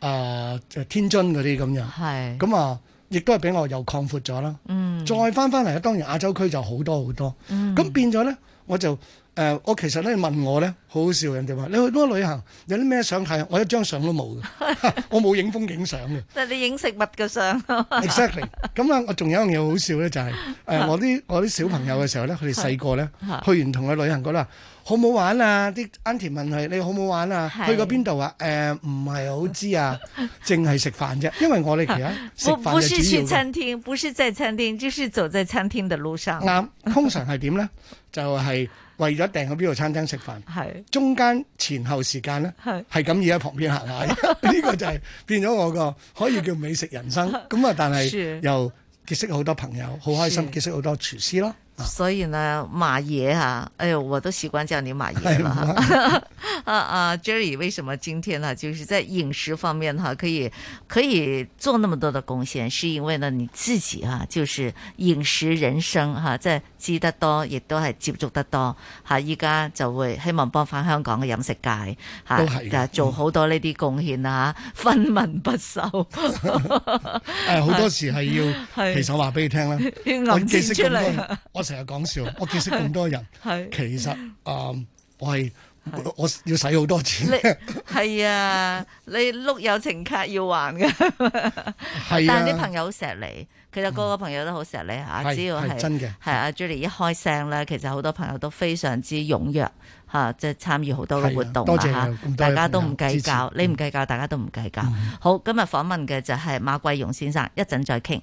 誒就係天津嗰啲咁樣。咁啊。亦都係俾我又擴闊咗啦，嗯，再翻翻嚟啊，當然亞洲區就好多好多，嗯，咁變咗咧，我就。誒、呃，我其實咧問我咧，好好笑，人哋話你去多旅行，有啲咩相睇？我一張相都冇嘅， 我冇影風景相嘅。即係你影食物嘅相。Exactly。咁、嗯、啊、就是 呃，我仲有一樣嘢好笑咧，就係誒我啲我啲小朋友嘅時候咧，佢哋細個咧， 去完同佢旅行，覺 得好唔好玩啊？啲 uncle 問佢你好唔好玩啊？ 玩啊 去過邊度、呃、啊？誒唔係好知啊，淨係食飯啫。因為我哋其實 食飯就主要喺餐廳， 不是在餐廳，就是走在餐廳嘅路上。啱 通常係點咧？就係、是。為咗訂去邊度餐廳食飯，中間前後時間咧，係咁而喺旁邊行下。呢個就係變咗我個可以叫美食人生咁啊！ 但係又結識好多朋友，好開心，結識好多廚師咯。啊、所以呢，馬爺啊，哎呦，我都習慣叫你馬爺啦、 啊。啊啊，Jerry，為什麼今天呢、啊，就是在飲食方面哈、啊，可以可以做那麼多的貢獻，是因為呢你自己啊，就是飲食人生哈、啊，即係知得多，亦都係接觸得多，吓依家就會希望幫翻香港嘅飲食界吓，啊、做好多呢啲貢獻啊、嗯，分文不收。誒、 哎，好多時係要其實我話俾你聽啦，我見成日講笑，我認識咁多人， 其實啊、呃，我係我，我要使好多錢。係 啊，你碌友情卡要還嘅、啊，但係啲朋友錫你，其實個個朋友都好錫你嚇。只、嗯、要係真嘅，係啊，Julie 一開聲咧，其實好多朋友都非常之踴躍嚇，即、啊、係、就是、參與好多嘅活動嚇，啊多謝啊、多多大家都唔計較，嗯、你唔計較，大家都唔計較、嗯。好，今日訪問嘅就係馬桂榕先生，一陣再傾。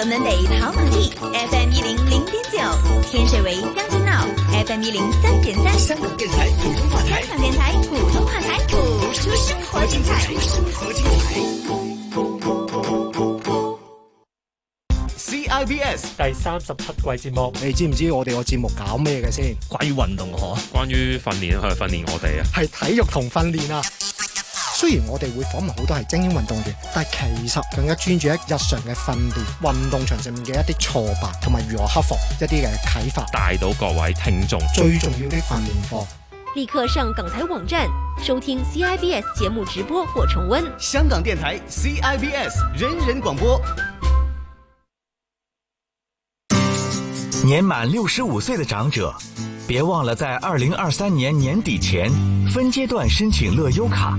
屯門北跑馬地 FM 一零零點九，天水圍將軍澳 FM 一零三點三，香港電台普通話台，香港電台普通話台，播出生活精彩，播出生活精彩。CIBS 第三十七季節目，你知唔知道我哋個節目搞咩嘅先？關於運動呵，關於訓練去訓練我哋啊，係體育同訓練啊。雖然我哋會訪問好多係精英運動員，但係其實更加專注喺日常嘅訓練、運動場上面嘅一啲挫敗同埋如何克服一啲嘅啟發，帶到各位聽眾最重要的訓練課。立刻上港台網站收聽 CIBS 節目直播或重溫。香港電台 CIBS 人人廣播。年滿六十五歲嘅長者，別忘了在二零二三年年底前分階段申請樂優卡。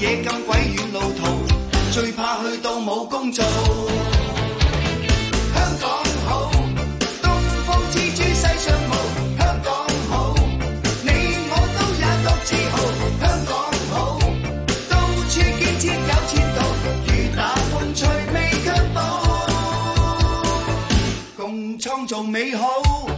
嘢咁鬼遠路途，最怕去到冇工做。香港好，東方之珠世上無。香港好，你我都也覺自豪。香港好，到處建設有前途，雨打風吹未卻步，共創造美好。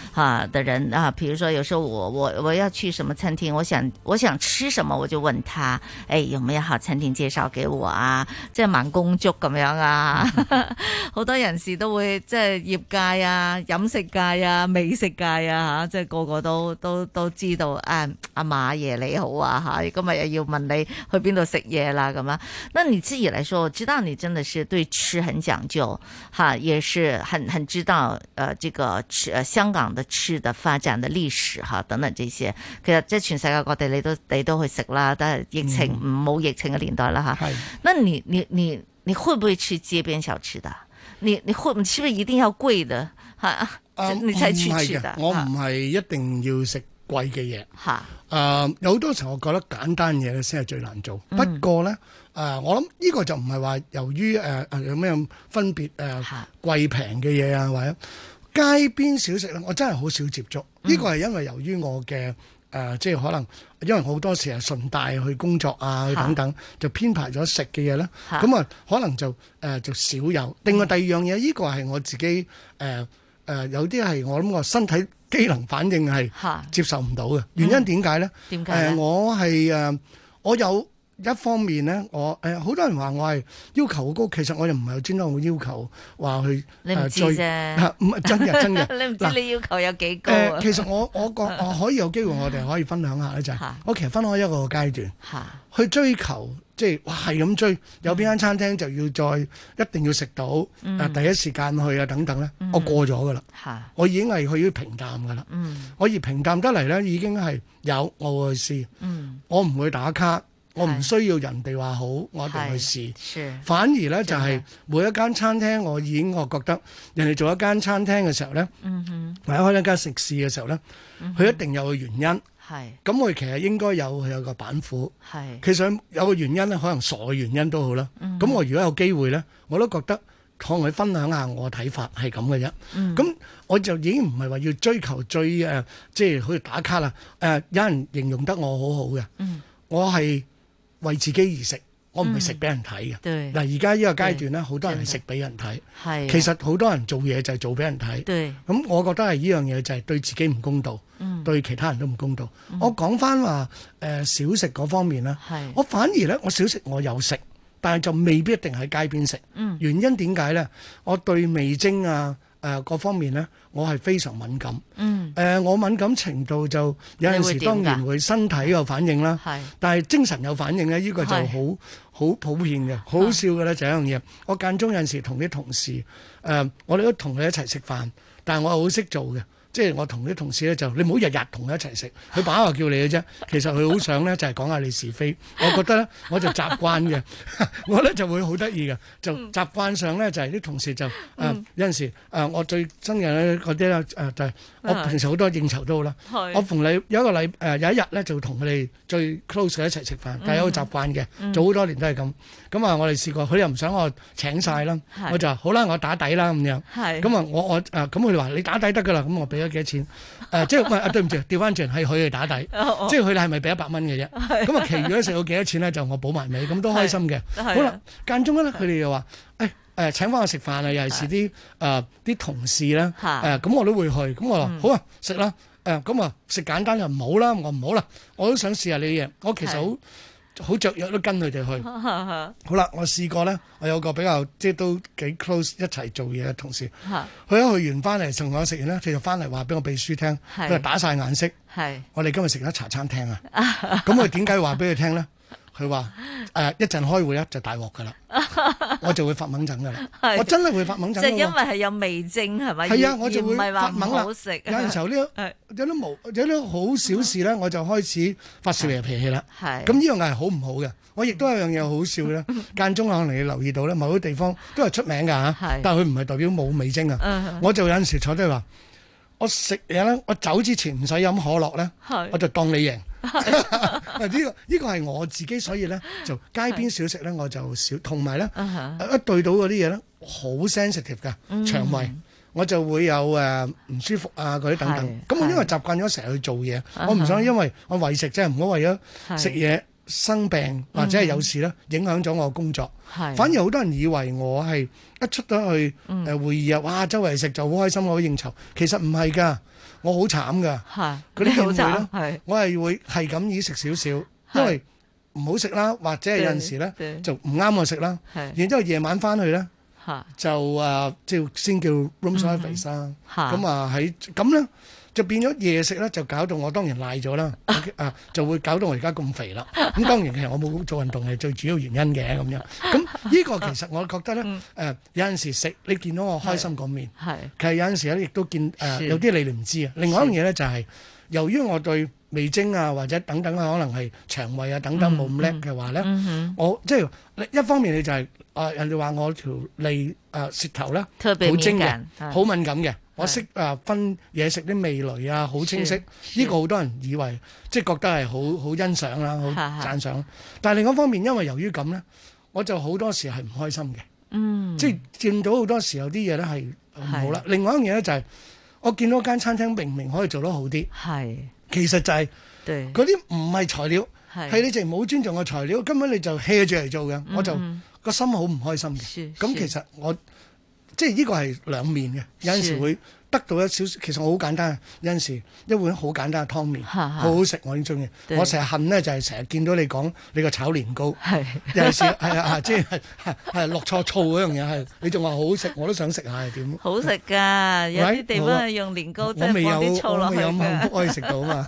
吓，的人啊，譬如說有時候我我我要去什麼餐廳，我想我想吃什麼，我就問他，哎有沒有好餐廳介紹給我啊？即係盲公竹咁樣啊，好、嗯、 多人士都會即係、就是、業界啊、飲食界啊、美食界啊，吓即係個個都都都知道，誒阿馬爺你好啊，吓今日又要問你去邊度食嘢啦咁樣，那你自己嚟說，我知道你真的是對吃很講究，吓也是很很知道，呃，這個吃、呃、香港的。吃的、發展的歷史吓等等這些，其實即係全世界各地你，你都你都去食啦。但係疫情冇、嗯、疫情嘅年代啦吓。係，那你你你你會不會去街邊小吃的？你你會唔會一定要貴的係啊，啊？你才去吃不是的？啊、我唔係一定要食貴嘅嘢。吓、啊，誒、啊，有好多時候我覺得簡單嘢先係最難做。嗯、不過咧，誒、啊，我諗呢個就唔係話由於誒、呃、有咩分別誒貴平嘅嘢啊，啊或者。街邊小食咧，我真係好少接觸。呢個係因為由於我嘅誒、呃，即係可能因為好多時係順帶去工作啊等等，啊、就編排咗食嘅嘢咧。咁啊，那可能就誒、呃、就少有、嗯。另外第二樣嘢，呢個係我自己誒誒、呃呃，有啲係我諗我身體機能反應係接受唔到嘅。原因點解咧？點解？誒、呃，我係誒、呃，我有。一方面咧，我、呃、好多人話我係要求好高，其實我又唔係專登要求話去你唔知啫、啊，唔、呃、係真嘅真嘅。 你唔知你要求有幾高、啊 呃？其實我我覺我可以有機會，我哋可以分享下咧，就係、是、我其實分開一個階段， 去追求即係、就是、哇，係咁追有邊間餐廳就要再、嗯、一定要食到 第一時間去啊等等咧、嗯，我過咗噶啦，我已經係去啲平淡噶啦，我、嗯、而平淡得嚟咧，已經係有我會去試、嗯，我唔會打卡。我唔需要人哋話好，我一定要去試。反而咧就係每一間餐廳，我已經我覺得人哋做一間餐廳嘅時候咧，嗯哼，或者開一間食肆嘅時候咧，佢、嗯、一定有一個原因。係咁，我其實應該有有個板斧。其實有個原因咧，可能傻嘅原因都好啦。咁、嗯、我如果有機會咧，我都覺得向佢分享下我嘅睇法係咁嘅啫。咁、嗯、我就已經唔係話要追求最、呃、即係好似打卡啦。誒、呃，有人形容得我好好嘅、嗯，我係。為自己而食，我唔係食俾人睇嘅。嗱、嗯，而家呢個階段咧，好多人係食俾人睇。係，其實好多人做嘢就係做俾人睇。對，咁、嗯、我覺得係呢樣嘢就係對自己唔公道、嗯，對其他人都唔公道。嗯、我講翻話誒，少、呃、食嗰方面咧，我反而咧我小食我有食，但係就未必一定喺街邊食。嗯，原因點解咧？我對味精啊，誒各方面咧，我係非常敏感。嗯。誒、呃，我敏感程度就有陣時當然會身體有反應啦。但係精神有反應咧，呢、呢個就好好普遍嘅，好笑嘅咧就一樣嘢。我間中有陣時同啲同事誒、呃，我哋都同佢一齊食飯，但係我好識做嘅。即係我同啲同事咧，就你唔好日日同佢一齊食，佢把話叫你嘅啫。其實佢好想咧，就係、是、講下你是非。我覺得咧，我就習慣嘅， 我咧就會好得意嘅，就習慣上咧就係、是、啲同事就、嗯、啊有陣時啊，我最憎人咧嗰啲呢，啊就係。我平時好多應酬都好啦，我逢禮有一個禮呃有一日咧就同佢哋最 close 嘅一齊食飯，嗯、但係有個習慣嘅、嗯，做好多年都係咁。咁啊，我哋試過佢又唔想我請晒啦，我就好啦，我打底啦咁樣。咁啊，我我呃咁佢哋話你打底得㗎啦，咁我俾咗幾多錢？即、呃、係、就是 啊、對對唔住，調翻轉係佢哋打底，即係佢哋係咪俾一百蚊嘅啫？咁啊，餘下食到幾多錢咧就我補埋你。咁都開心嘅。好啦，間中呢，佢哋又話誒請翻我食飯啊，尤其是啲誒啲同事咧，誒咁的、呃、我都會去。咁我話好啊，食啦。誒咁啊，食、呃、簡單就唔好啦。我唔好啦，我都想試下呢嘢。我其實的好好雀躍都跟佢哋去。的好啦，我試過咧，我有個比較即係都幾 close 一齊做嘢嘅同事。佢的一去完翻嚟，同我食完咧，佢就翻嚟話俾我秘書聽，佢的打晒眼色。係的，我哋今日食咗茶餐廳啊。咁我點解話俾佢聽咧？佢話：誒一陣開會咧， 就大鑊噶啦，我就會發猛疹噶啦，我真係會發猛疹。就因為係有味精係咪？係啊，我就會發猛啦。有陣時候呢，有啲無，有啲好小事咧，我就開始發少爺脾氣啦。係。咁呢樣嘢係好唔好嘅？我亦都有樣嘢好笑咧。間中可能你留意到咧，某啲地方都係出名㗎嚇。但係佢唔係代表冇味精啊。我就有陣時候坐低話。我食嘢咧，我走之前唔使飲可樂咧，我就當你贏。呢、 呢個呢、呢個係我自己，所以咧就街邊小食咧我就少，同埋咧一對到嗰啲嘢咧好 sensitive 嘅腸胃，mm -hmm. 我就會有誒、呃、唔舒服啊嗰啲等等，等等。咁我因為習慣咗成日去做嘢，uh -huh. 我唔想因為我為食，即係唔好為咗食嘢。生病或者係有事咧，影響咗我工作。係、嗯，反而好多人以為我係一出咗去誒會議啊，嗯、哇，周圍食就好開心，我應酬。其實唔係㗎，我好慘㗎。係、啊，嗰啲應會咧，我係會係咁樣食少少，因為唔好食啦，或者係有陣時咧就唔啱我食啦。然之後夜晚翻去咧，啊、就誒即係先叫 room service 啦。咁啊喺咁咧。就變咗夜食咧，就搞到我當然賴咗啦。 啊，就會搞到我而家咁肥啦。咁當然其實我冇做運動係最主要原因嘅咁樣。咁呢個其實我覺得咧，誒、 嗯呃、有陣時食你見到我開心個面，其實有陣時咧亦都見、呃、有啲你哋唔知啊。另外一樣嘢咧就係、是，由於我對味精啊或者等等可能係腸胃啊等等冇咁叻嘅話咧、嗯嗯，我即係、就是、一方面你就係、是呃、人哋話我條脷誒舌頭咧好精嘅，好敏感嘅。我識啊，分嘢食啲味蕾啊，好清晰。呢、這個好多人以為，即係覺得係好好欣賞啦，好讚賞。但係另外一方面，因為由於咁咧，我就好多時係唔開心嘅。嗯。即係見到好多時候啲嘢咧係唔好啦。另外一樣嘢咧就係、是，我見到間餐廳明明可以做得好啲，係其實就係嗰啲唔係材料，係你淨係冇尊重嘅材料，根本你就 hea 住嚟做嘅、嗯，我就個心好唔開心嘅。咁其實我。即係呢個係兩面嘅，有陣時會。得到一少少，其實我好簡單。有陣時一碗好簡單嘅湯麵，哈哈，好好食，我已經鍾意。我成日恨咧，就係成日見到你講你個炒年糕，有時係啊，即係係落錯醋嗰樣嘢係。你仲話好好食，我都想食下係點？好食㗎，有啲地方係用年糕即係放啲醋落去嘅。我，我未有，我未有，咁幸福可以食到啊嘛。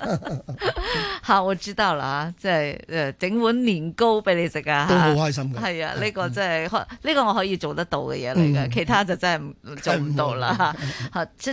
嚇， 我知道啦，即係誒整碗年糕俾你食啊！都好開心㗎。係啊，呢、嗯呢個真係呢、呢個我可以做得到嘅嘢嚟㗎，其他就真係做唔到啦。嚇、嗯！啊啊啊啊啊嗯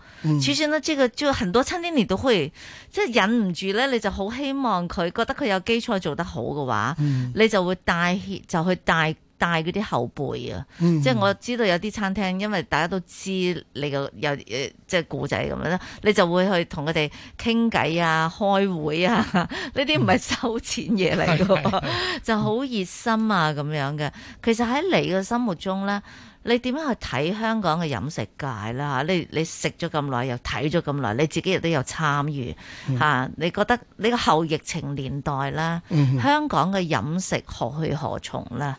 就、嗯、算咧，即係即係，很多餐廳你都可以即係忍唔住咧，你就好希望佢覺得佢有基礎做得好嘅話、嗯，你就會帶，就去帶帶嗰啲後輩啊、嗯。即係我知道有啲餐廳，因為大家都知你個有誒，即係故仔咁樣咧，你就會去同佢哋傾偈啊、開會啊，呢啲唔係收錢嘢嚟嘅，就好熱心啊咁樣嘅。其實喺你嘅心目中咧。你點樣去睇香港嘅飲食界啦？你你食咗咁耐，又睇咗咁耐，你自己亦都有參與嚇、嗯。你覺得呢個後疫情年代啦、嗯，香港嘅飲食何去何從呢？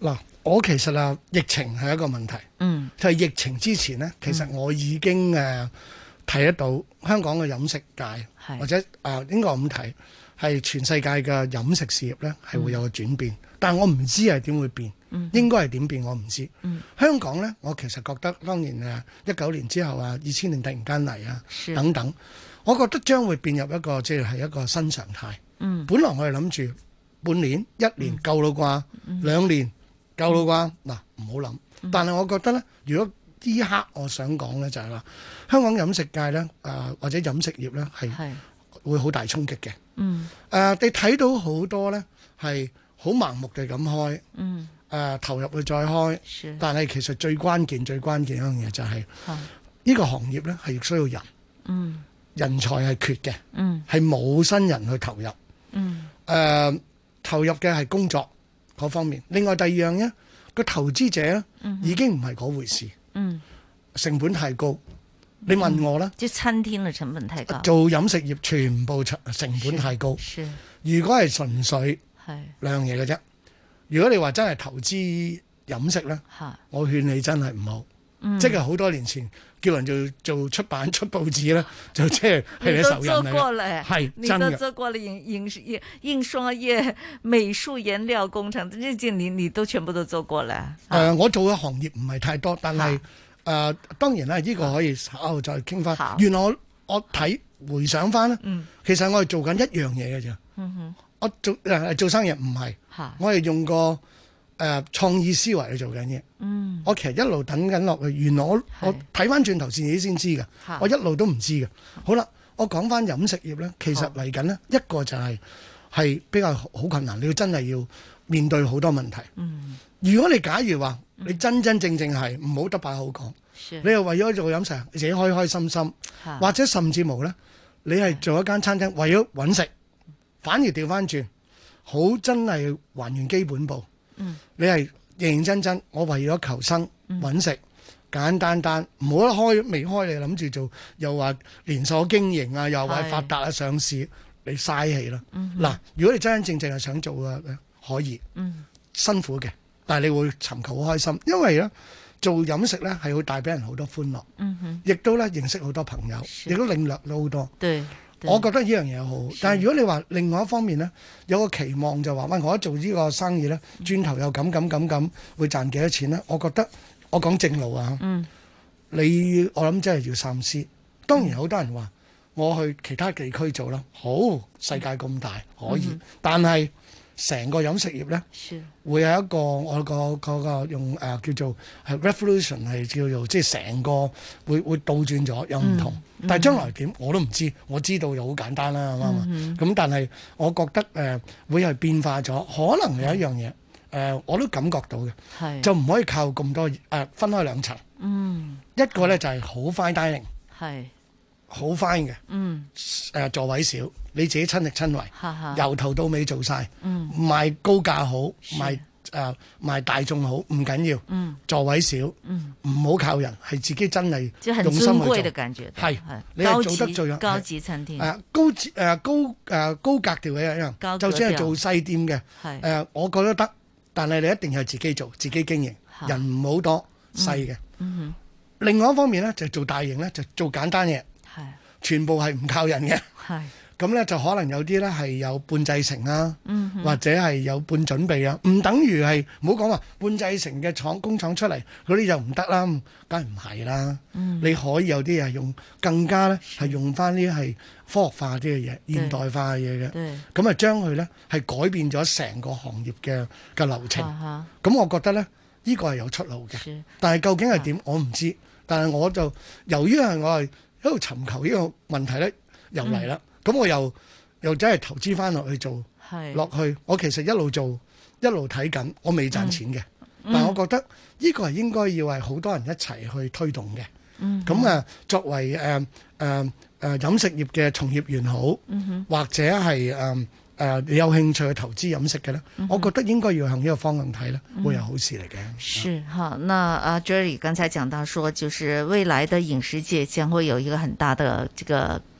嗱，我其實啊，疫情係一個問題。嗯。就係、是、疫情之前呢，其實我已經誒睇得到香港嘅飲食界，或者啊應該話咁睇，係全世界嘅飲食事業呢係會有個轉變。嗯、但係我唔知係點會變。應該係點變，我唔知。香港咧，我其實覺得當年誒，一九年之後啊，二千年突然間嚟啊，等等，我覺得將會變入一個即係一個新常態。嗯，本來我哋諗住半年一年夠啦啩，兩年夠啦啩，嗱唔好諗。但係我覺得咧，如果呢刻我想講咧，就係話，香港飲食界咧誒或者飲食業咧係會好大衝擊嘅。嗯誒，你睇到好多咧係好盲目地咁開。嗯。誒、呃，投入去再開，但係其實最關鍵、最關鍵一樣嘢就係、是、呢、呢個行業咧係需要人，嗯，人才係缺嘅，嗯，係冇新人去投入，嗯，誒、呃，投入嘅係工作嗰方面。另外第二樣咧，個投資者咧，已經唔係嗰回事，嗯，成本太高，你問我啦，即係餐廳嘅成本太高，做飲食業全部成成本太高，是是如果係純粹係兩樣嘢嘅啫。如果你話真係投資飲食咧，我勸你真係唔好。即係好多年前叫人做做出版出報紙咧、嗯，就即係喺你手都做過咧，係，真嘅都做過咧，印印印印刷業、美術顏料工程呢啲，你你都全部都做過咧。誒、呃，我做嘅行業唔係太多，但係誒、呃、當然咧，呢、這個可以稍後再傾翻。原來我我睇回想翻咧、嗯，其實我係做緊一樣嘢嘅啫。我做誒、呃、做生意唔係。我係用個誒、呃、創意思維去做緊嘢，嗯、我其實一路等緊落去，原來我是我睇翻轉頭自己先知㗎，我一路都唔知嘅。好啦，我講翻飲食業咧，其實嚟緊咧，一個就係、是、係比較好困難，你要真係要面對好多問題。嗯，如果你假如話你真真正正係唔好得把口講，是你又為咗做飲食你自己開開心心，是或者甚至冇咧，你係做一間餐廳為咗揾食，反而掉翻轉。好真係還原基本步、嗯，你係認認真真，我為咗求生揾、嗯、食，簡單單，唔好一開未開你諗住做，又話連鎖經營啊，又話發達啊，上市你嘥氣啦。嗱、嗯，如果你真真正正係想做嘅，可以、嗯、辛苦嘅，但係你會尋求好開心，因為咧做飲食咧係會帶俾人好多歡樂，亦、嗯、都咧認識好多朋友，亦都領略到好多。對。我覺得呢樣嘢好，但係如果你話另外一方面呢，有個期望就話喂，我一做呢個生意呢，轉頭又咁咁咁咁，會賺幾多錢呢？我覺得我講正路啊，嗯、你我諗真係要三思。當然好多人話、嗯，我去其他地區做啦，好，世界咁大，可以，嗯、但係。成個飲食業咧，會有一個我個嗰用誒叫做係 revolution，係叫做即係成個會會倒轉咗，有唔同。嗯嗯、但係將來點我都唔知，我知道就好簡單啦，啱啱？咁、嗯、但係我覺得誒、呃、會係變化咗，可能有一樣嘢誒我都感覺到嘅，就唔可以靠咁多誒、呃、分開兩層、嗯，一個咧就係好快 dining。好翻 fine 嘅，座位少，你自己親力親為哈哈，由頭到尾做晒，唔、嗯、賣高價好，賣誒、呃、賣大眾好，唔緊要，座位少，唔、嗯、好靠人，係自己真係用心去做，係你係做得最，係高級餐廳，高誒高誒、啊高，啊、高格調嘅一樣高格，就算係做細店嘅，誒、嗯啊、我覺得得，但係你一定要自己做，自己經營，人唔好多，細嘅、嗯嗯。另外一方面咧，就做大型咧，就做簡單嘢。係、啊，全部係唔靠人嘅，係咁咧就可能有啲咧係有半製成啦、啊嗯，或者係有半準備啊，唔等於係唔好講話半製成嘅廠工廠出嚟嗰啲就唔得啦，梗係唔係啦？你可以有啲啊用更加咧係用翻啲係科學化啲嘅嘢、現代化嘅嘢嘅，咁啊將佢咧係改變咗成個行業嘅嘅流程。咁、啊、我覺得咧呢個係有出路嘅、啊，但係究竟係點我唔知，但係我就由於係我係。喺度尋求呢個問題咧、嗯，又嚟啦。咁我又又真係投資翻落去做，落去。我其實一路做，一路睇緊，我未賺錢嘅、嗯嗯。但係我覺得呢個係應該要係好多人一齊去推動嘅。咁、嗯、啊，作為誒誒誒飲食業嘅從業員好，嗯、或者係誒。呃誒、呃，你有興趣去投資飲食嘅咧？我覺得應該要向呢個方向睇咧、嗯，會有好事嚟嘅、嗯嗯。是哈，那阿 Jerry 剛才講到說，說就是未來的飲食界將會有一個很大的這個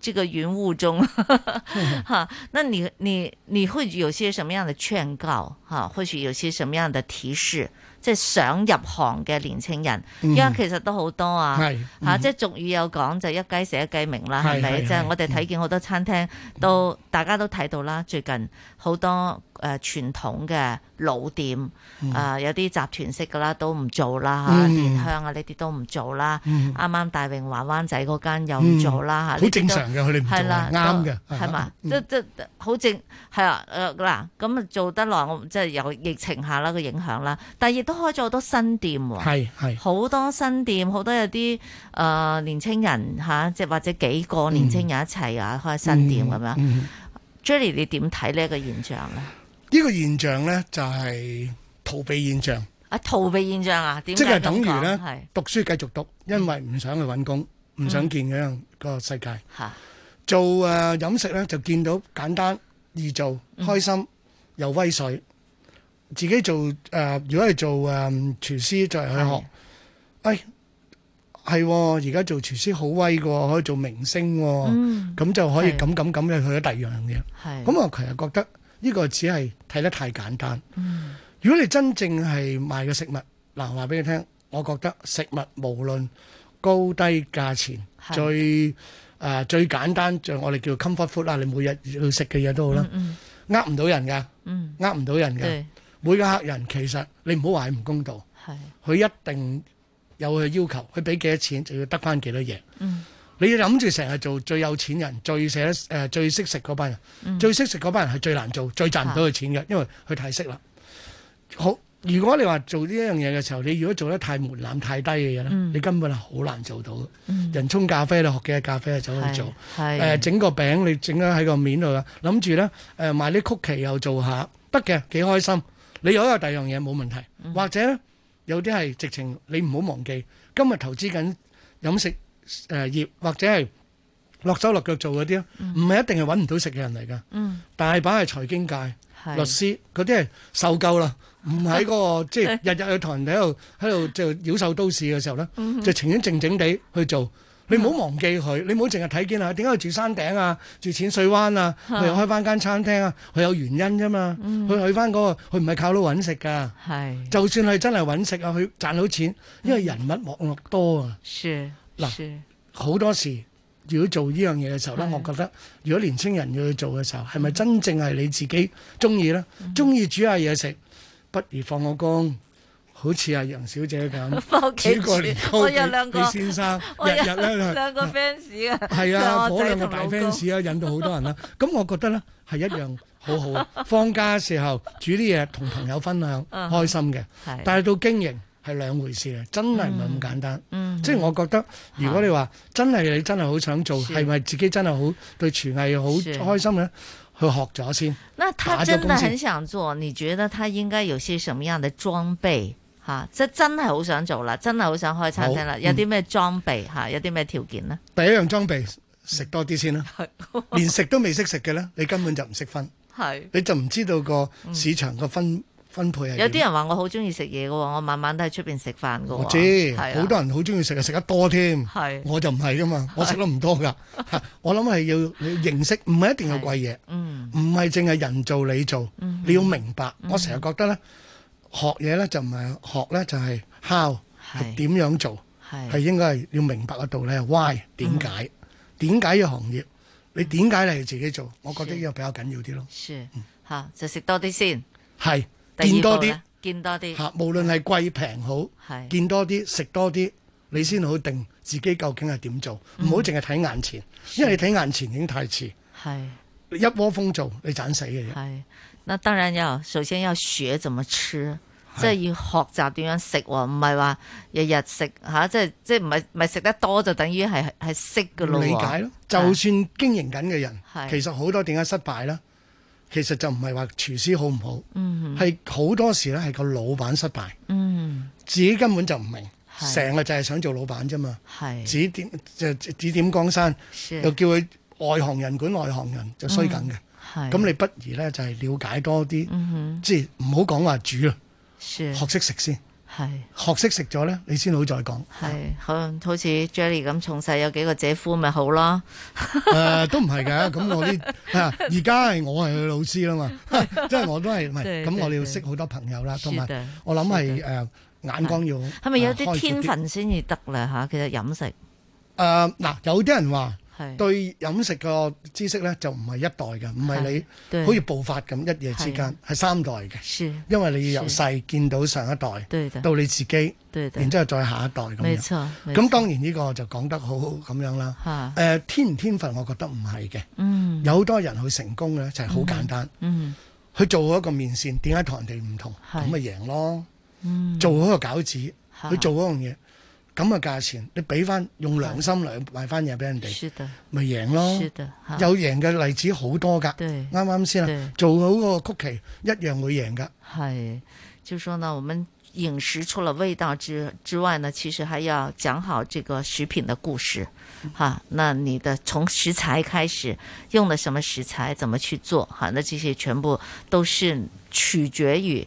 這個雲霧中呵呵、嗯啊，那你你你會有些什麼樣的勸告？哈、啊，或許有些什麼樣的提示？即、就、係、是、想入行嘅年青人，因為其實都好多啊，吓、嗯，即、啊、係、嗯啊、俗語有講就一雞死一雞鳴啦，係咪？即係我哋睇見好多餐廳都，大家都睇到啦，最近好多誒傳統嘅。老店啊、呃，有啲集團式噶啦，都唔做啦嚇，蓮香啊呢啲都唔做啦。啱、嗯、啱、啊嗯、大榮華灣仔嗰間又唔做啦嚇，好、嗯、正常嘅佢哋唔做啦，啱嘅係嘛？即即好正係、嗯、啊！嗱咁啊做得耐，我即係有疫情下啦個影響啦，但係亦都開咗好多新店喎、啊。係好多新店，好多有啲誒、呃、年青人嚇，即、啊、係或者幾個年青人一齊啊、嗯、開新店咁、嗯、樣。Jennie 你點睇呢一個現象啊？呢個現象咧，就係逃避現象。啊，逃避現象啊？點解即係等於咧？讀書繼續讀，因為唔想去揾工，唔想見嗰樣個世界。嚇！做誒飲食咧，就見到簡單易做，開心又威水。自己做誒，如果係做誒廚師，就去學。誒，係而家做廚師好威㗎喎，可以做明星。嗯。咁就可以咁咁咁嘅去咗第二樣嘢。係。咁我其實覺得。呢、這個只係睇得太簡單，嗯。如果你真正係賣嘅食物，嗱，話俾你聽，我覺得食物無論高低價錢，最誒，呃、最簡單，就我哋叫 comfort food 啦，你每日去食嘅嘢都好啦，呃唔到人㗎，呃唔到人㗎。每個客人其實你唔好話係唔公道，佢一定有佢要求，佢俾幾多錢就要得翻幾多嘢。嗯。你要諗住成日做最有錢人、最捨得誒、呃、最識食嗰班人，嗯、最識食嗰班人係最難做、最賺唔到嘅錢嘅、啊，因為佢太識啦。好，如果你話做呢一樣嘢嘅時候，你如果做得太門檻太低嘅嘢咧，你根本係好難做到、嗯、人沖咖啡你學幾日咖啡走去做，誒整、呃、個餅你整咗喺個面度啦，諗住咧誒賣啲曲奇又做下，得嘅幾開心。你如果有一個第二樣嘢冇問題，嗯、或者咧有啲係直情你唔好忘記，今日投資緊飲食。誒、呃、業或者係落手落腳做嗰啲咯，唔、嗯、係一定係揾唔到食嘅人嚟㗎、嗯。大把係財經界、係律師嗰啲係受夠啦，唔喺嗰個 即係日日去同人哋喺度喺度就妖獸都市嘅時候咧、嗯，就情願靜靜地去做。嗯、你唔好忘記佢，你唔好淨係睇見啊，點解佢住山頂啊，住淺水灣啊，佢、啊、又開翻間餐廳啊，佢有原因啫嘛。佢、嗯、去翻、那、嗰個，佢唔係靠到揾食㗎。係就算係真係揾食啊，佢賺到錢，因為人物網絡多啊。嗱，好多時如果做呢樣嘢嘅時候咧，我覺得如果年青人要去做嘅時候，係咪真正係你自己中意咧？中、嗯、意煮下嘢食，不如放個工，好似阿楊小姐咁，煮過年幾我有兩個年糕，李先生我有兩個日日咧兩個 fans 嘅，係啊，嗰兩個大 fans 啊我，引到好多人啦。咁 我覺得咧係一樣好好 放假時候煮啲嘢同朋友分享，嗯、開心嘅。但係到經營。係兩回事嘅，真係唔係咁簡單。嗯，嗯即係我覺得，如果你話、嗯、真係你真係好想做，係咪自己真係好對廚藝好開心呢？去學咗先。嗱，他真的很想做，你覺得他應該有些什麼樣的裝備？吓、啊，即真係好想做了，真係好想開餐廳啦、嗯，有啲咩裝備？吓、啊，有啲咩條件呢？第一樣裝備，食多啲先啦。係、嗯、連食都未識食嘅呢，你根本就唔識分。係你就唔知道個市場個分。嗯分，有啲人話我好中意食嘢嘅喎，我晚晚都喺出邊食飯嘅。我知，好、啊、多人好中意食啊，食得多添。係、啊，我就唔係噶嘛，我食得唔多噶。吓，我諗係、啊、要你要認識，唔係、啊、一定要貴嘢。嗯、啊。唔係淨係人做你做、啊，你要明白。啊、我成日覺得咧，學嘢咧就唔係學咧就係、是、how，點、啊、樣做係，係、啊啊、應該係要明白個道理係 why，點解、啊？點解嘅行業，啊、你點解你要自己做？啊、我覺得呢個比較緊要啲咯。吓、啊啊、就食多啲先。係、啊。見多啲，見多啲吓，無論係貴平好，見多啲，食多啲，你先好定自己究竟係點做，唔好淨係睇眼前，因為你睇眼前已經太遲。係一窩蜂做，你盞死嘅。係，那當然要首先要學怎麼吃，即係、就是、要學習點樣食喎，唔係話日日食吓，即係即係唔係食得多就等於係係識噶咯？理解咯，就算經營緊嘅人，其實好多點解失敗咧？其實就唔係話廚師好唔好，係、嗯、好多時咧係個老闆失敗、嗯，自己根本就唔明，成日就係想做老闆啫嘛，指點就指點江山，又叫佢外行人管外行人就衰緊嘅，咁、嗯、你不如咧就係、是、了解多啲、嗯，即係唔好講話煮啦，學識食先。係學識食咗咧，你先好再講。係，好好似 Jenny 咁，從細有幾個姐夫咪好咯。誒 呃，都唔係㗎。咁我啲，而家係我係佢老師啦嘛， 即係我都係唔係咁，是是是是我哋要識好多朋友啦，同埋我諗係、呃、眼光要。係咪、呃、有啲天分先至得咧吓？其實飲食誒嗱，有啲人話，對飲食個知識呢，就唔係一代嘅，唔係你好似步發咁一夜之間，係三代嘅。因為你要由細見到上一代，到你自己，然之後再下一代咁樣。咁當然呢個就講得很好好咁樣啦、呃。天唔天分，我覺得唔係嘅。有好多人去成功咧，就係好簡單。去、嗯嗯、做嗰個麵線，點解同人哋唔同？咁咪贏咯。嗯、做嗰個餃子，去、啊、做嗰樣嘢。咁嘅價錢，你俾翻用良心嚟賣翻嘢俾人哋，咪贏咯。係，有贏嘅例子好多噶，啱啱先啦，做好個曲奇一樣會贏噶。係，就是，說呢，我們飲食除了味道之之外呢，其實還要講好這個食品的故事。哈、嗯，那你的從食材開始，用的什麼食材，怎麼去做？哈，那這些全部都是取決於。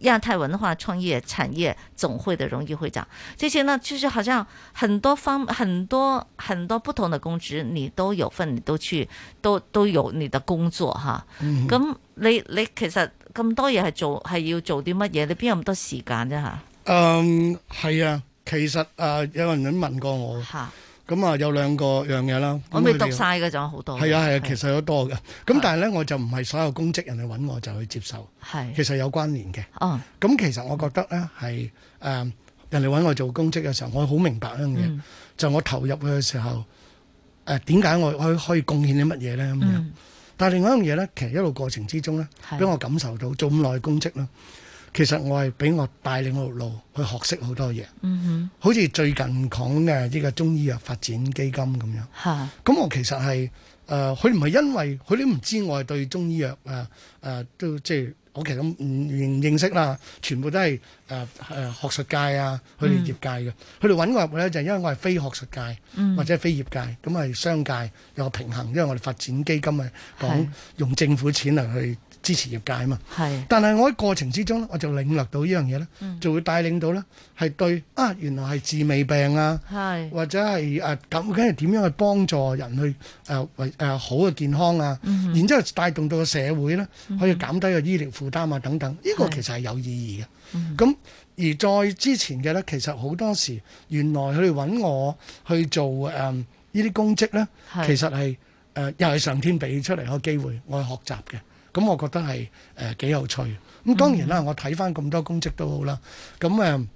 亞太文化創業產業總會的榮譽會長，這些呢，就是好像很多方，很多很多不同的公職，你都有份，你都去，都都有你的工作哈。咁、嗯、你你其實咁多嘢係做，係要做啲乜嘢？你邊有咁多時間啫吓？嗯，係啊，其實啊、呃，有人咁問過我。咁、嗯、啊，有兩個樣嘢啦。我未讀晒嘅仲有好多。係啊係啊，其實有多嘅。咁但係咧，我就唔係所有公職人哋揾我就去接受。係，其實有關聯嘅。哦。咁其實我覺得咧係誒人哋揾我做公職嘅時候，我好明白一樣嘢、嗯，就是，我投入去嘅時候誒，點解我我可以貢獻啲乜嘢咧咁樣。但係另外一樣嘢咧，其實一路過程之中咧，俾我感受到做咁耐公職咯。其實我係俾我帶領我路路去學識好多嘢，嗯哼，好似最近講嘅呢個中醫藥發展基金咁樣，係。咁我其實係誒，佢唔係因為佢都唔知我係對中醫藥誒誒、呃，都即係我其實唔認認識啦，全部都係誒誒學術界啊，佢哋業界嘅，佢哋搵我入咧就係、因為我係非學術界、嗯，或者非業界，咁係商界有個平衡，因為我哋發展基金係，講用政府錢嚟去。支持業界嘛？係。但係我喺過程之中咧，我就領略到依樣嘢咧，就會帶領到咧係對啊，原來係治未病啊，係或者係誒究竟係點樣去幫助人去誒為誒好嘅健康啊，嗯、然之後帶動到個社會咧可以減低個醫療負擔啊等等，呢、嗯呢個其實係有意義嘅。咁、嗯、而再之前嘅咧，其實好多時候原來佢哋揾我去做誒依啲公職咧，其實係誒、呃、又係上天俾出嚟個機會，我去學習嘅。咁我覺得係誒幾有趣。咁當然啦，嗯、我睇翻咁多公職都好啦。咁誒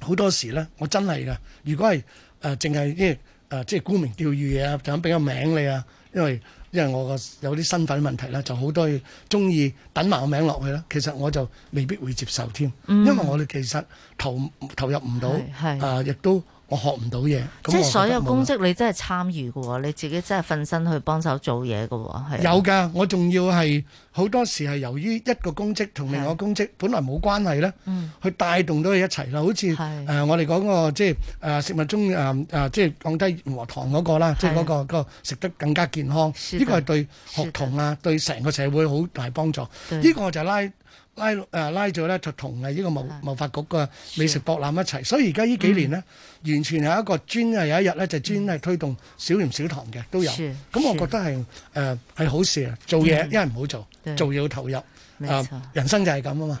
好多時咧，我真係噶，如果係誒淨係即係誒即係沽名釣譽嘢啊，就想俾個名你啊。因為因為我個有啲身份問題啦，就好多嘢中意等埋個名落去啦。其實我就未必會接受添、嗯，因為我哋其實投投入唔到啊，亦、呃、都。我學唔到嘢，即係所有公職你真係參與喎。你自己真係瞓身去幫手做嘢㗎，係有噶，我仲要係好多時係由於一個公職同另外個公職本來冇關係咧、嗯，去帶動到佢一齊啦。好似誒、呃，我哋講、那個即係誒、呃，食物中誒誒、呃，即係降低蔗糖嗰、那個啦，即係嗰、那個、那個食得更加健康，呢、這個係對學童啊，對成個社會好大幫助。呢、這個我就拉。拉拉咗咧，就同係呢個貿貿發局嘅美食博覽一齊，所以而家呢幾年咧、嗯，完全有一個專係有一日咧，就專係推動少鹽少糖嘅都有。咁我覺得係、呃、係好事啊！做嘢一係唔好做，做嘢要投入啊、呃，人生就係咁啊嘛。